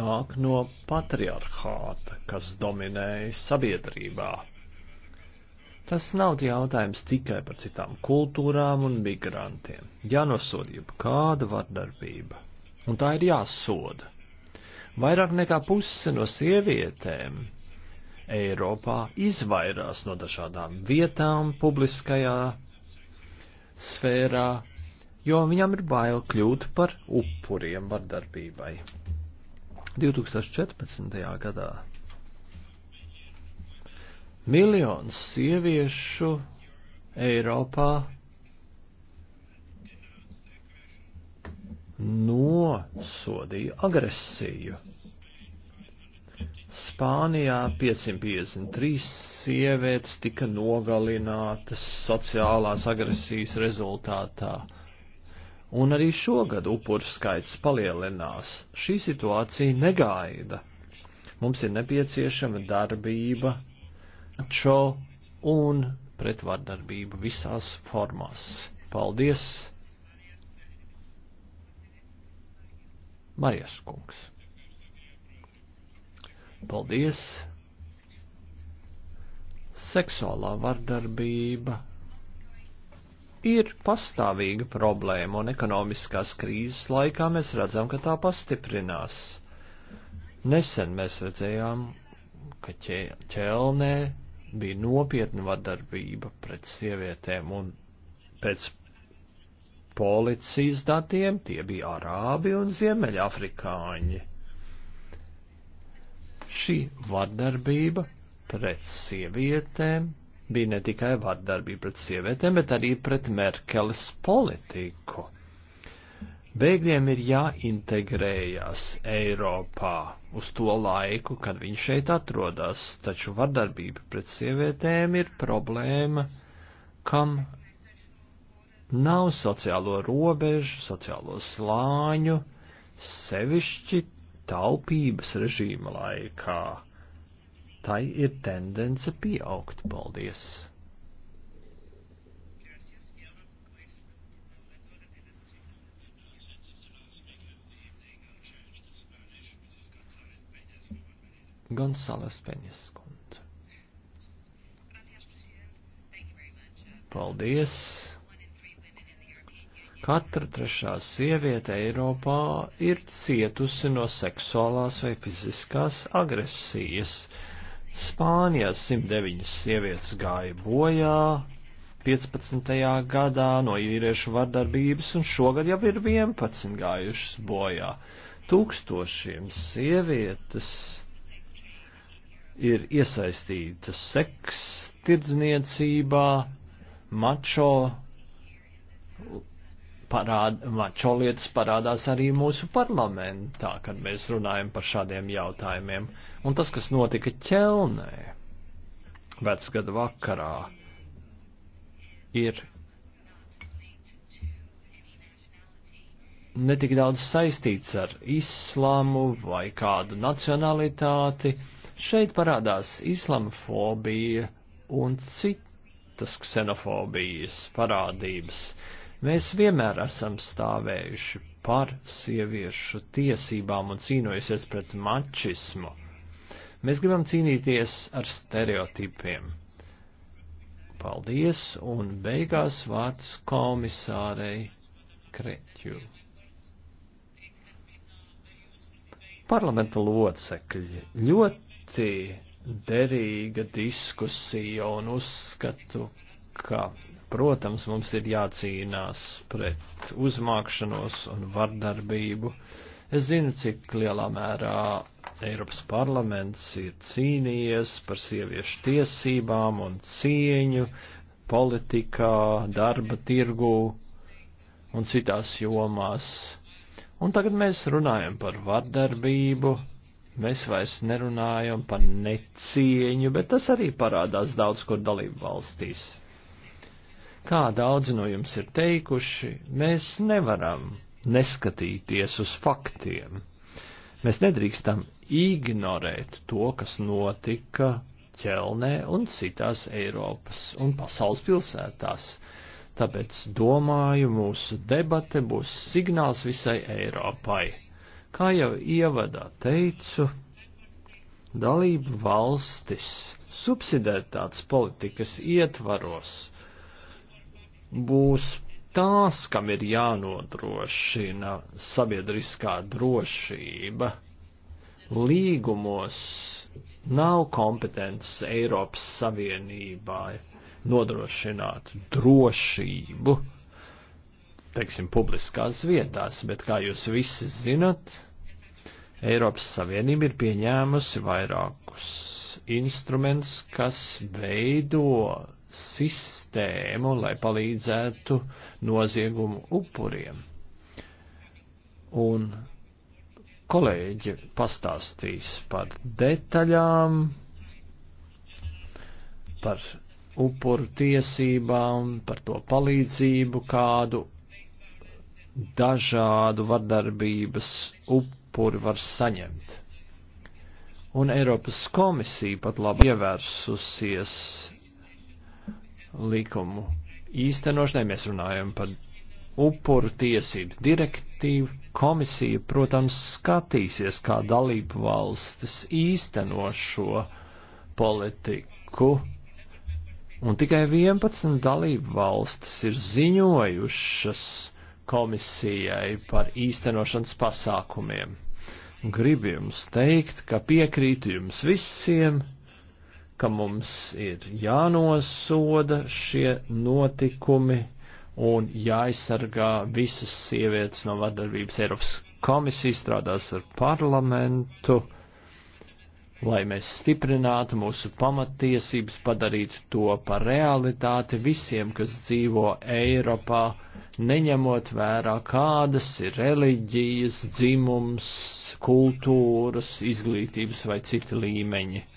nāk no patriarchāta, kas dominēja sabiedrībā. Tas nav jautājums tikai par citām kultūrām un migrantiem. Jānosod jebkāda vardarbība un tā ir jāsoda. Vairāk nekā puse no sievietēm Eiropā izvairās no dažādām vietām publiskajā sfērā, jo viņam ir bail kļūt par upuriem vardarbībai. 2014. gadā miljons sieviešu Eiropā nosodīja agresiju. Spānijā 553 sievietes tika nogalinātas sociālās agresijas rezultātā, un arī šogad upuru skaits palielinās. Šī situācija negaida. Mums ir nepieciešama darbība, čo un pretvardarbība visās formās. Paldies! Marijas kungs. Paldies! Seksuālā vardarbība ir pastāvīga problēma, un ekonomiskās krīzes laikā mēs redzam, ka tā pastiprinās. Nesen mēs redzējām, ka ķelnē bija nopietna vardarbība pret sievietēm, un pēc policijas datiem, tie bija arābi un ziemeļafrikāņi. Šī vardarbība pret sievietēm bija ne tikai vardarbība pret sievietēm, bet arī pret Merkeles politiku. Bēgļiem ir jāintegrējas Eiropā uz to laiku, kad viņš šeit atrodas, taču vardarbība pret sievietēm ir problēma, kam Nav sociālo robežu, sociālo slāņu, sevišķi taupības režīma laikā. Tai ir tendence pieaugt. Paldies! Gonzales Peņas kundze. Paldies! Katra trešā sieviete Eiropā ir cietusi no seksuālās vai fiziskās agresijas. Spānijā 109 sievietes gāja bojā 15. gadā no īriešu vardarbības, un šogad jau ir 11 gājušas bojā. Tūkstošiem sievietes ir iesaistītas seks tirdzniecībā, mačo parād, mačo lietas parādās arī mūsu parlamentā, kad mēs runājam par šādiem jautājumiem. Un tas, kas notika ķelnē vecgada vakarā, ir netik daudz saistīts ar islāmu vai kādu nacionalitāti. Šeit parādās islamofobija un citas ksenofobijas parādības. Uh, Mēs vienmēr esam stāvējuši par sieviešu tiesībām un cīnojusies pret mačismu. Mēs gribam cīnīties ar stereotipiem. Paldies, un beigās vārds komisārei Kreķu. Parlamenta locekļi ļoti derīga diskusija un uzskatu, ka Protams, mums ir jācīnās pret uzmākšanos un vardarbību. Es zinu, cik lielā mērā Eiropas parlaments ir cīnījies par sieviešu tiesībām un cieņu politikā, darba tirgū un citās jomās. Un tagad mēs runājam par vardarbību, mēs vairs nerunājam par necieņu, bet tas arī parādās daudz kur dalību valstīs. Kā daudz no jums ir teikuši, mēs nevaram neskatīties uz faktiem. Mēs nedrīkstam ignorēt to, kas notika ķelnē un citās Eiropas un pasaules pilsētās. Tāpēc, domāju, mūsu debate būs signāls visai Eiropai. Kā jau ievadā teicu, dalību valstis subsidētāts politikas ietvaros būs tās, kam ir jānodrošina sabiedriskā drošība. Līgumos nav kompetences Eiropas Savienībai nodrošināt drošību, teiksim, publiskās vietās, bet kā jūs visi zinat, Eiropas Savienība ir pieņēmusi vairākus instruments, kas veido sistēmu, lai palīdzētu noziegumu upuriem. Un kolēģi pastāstīs par detaļām, par upuru tiesībām, par to palīdzību, kādu dažādu vardarbības upuri var saņemt. Un Eiropas komisija pat labi ievērsusies likumu īstenošanai. Mēs runājam par upuru tiesību direktīvu. Komisija, protams, skatīsies, kā dalību valstis īsteno šo politiku. Un tikai 11 dalību valstis ir ziņojušas komisijai par īstenošanas pasākumiem. Gribu jums teikt, ka piekrītu jums visiem, ka mums ir jānosoda šie notikumi un jāaizsargā visas sievietes no vardarbības. Eiropas komisija strādās ar parlamentu, lai mēs stiprinātu mūsu pamatiesības, padarītu to par realitāti visiem, kas dzīvo Eiropā, neņemot vērā, kādas ir reliģijas, dzimums, kultūras, izglītības vai citi līmeņi.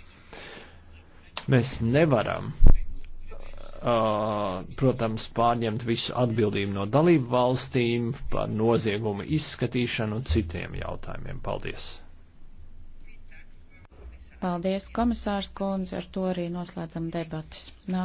Mēs nevaram, uh, protams, pārņemt visu atbildību no dalību valstīm par noziegumu izskatīšanu un citiem jautājumiem. Paldies! Paldies, komisārs Kunz, ar to arī noslēdzam debatas.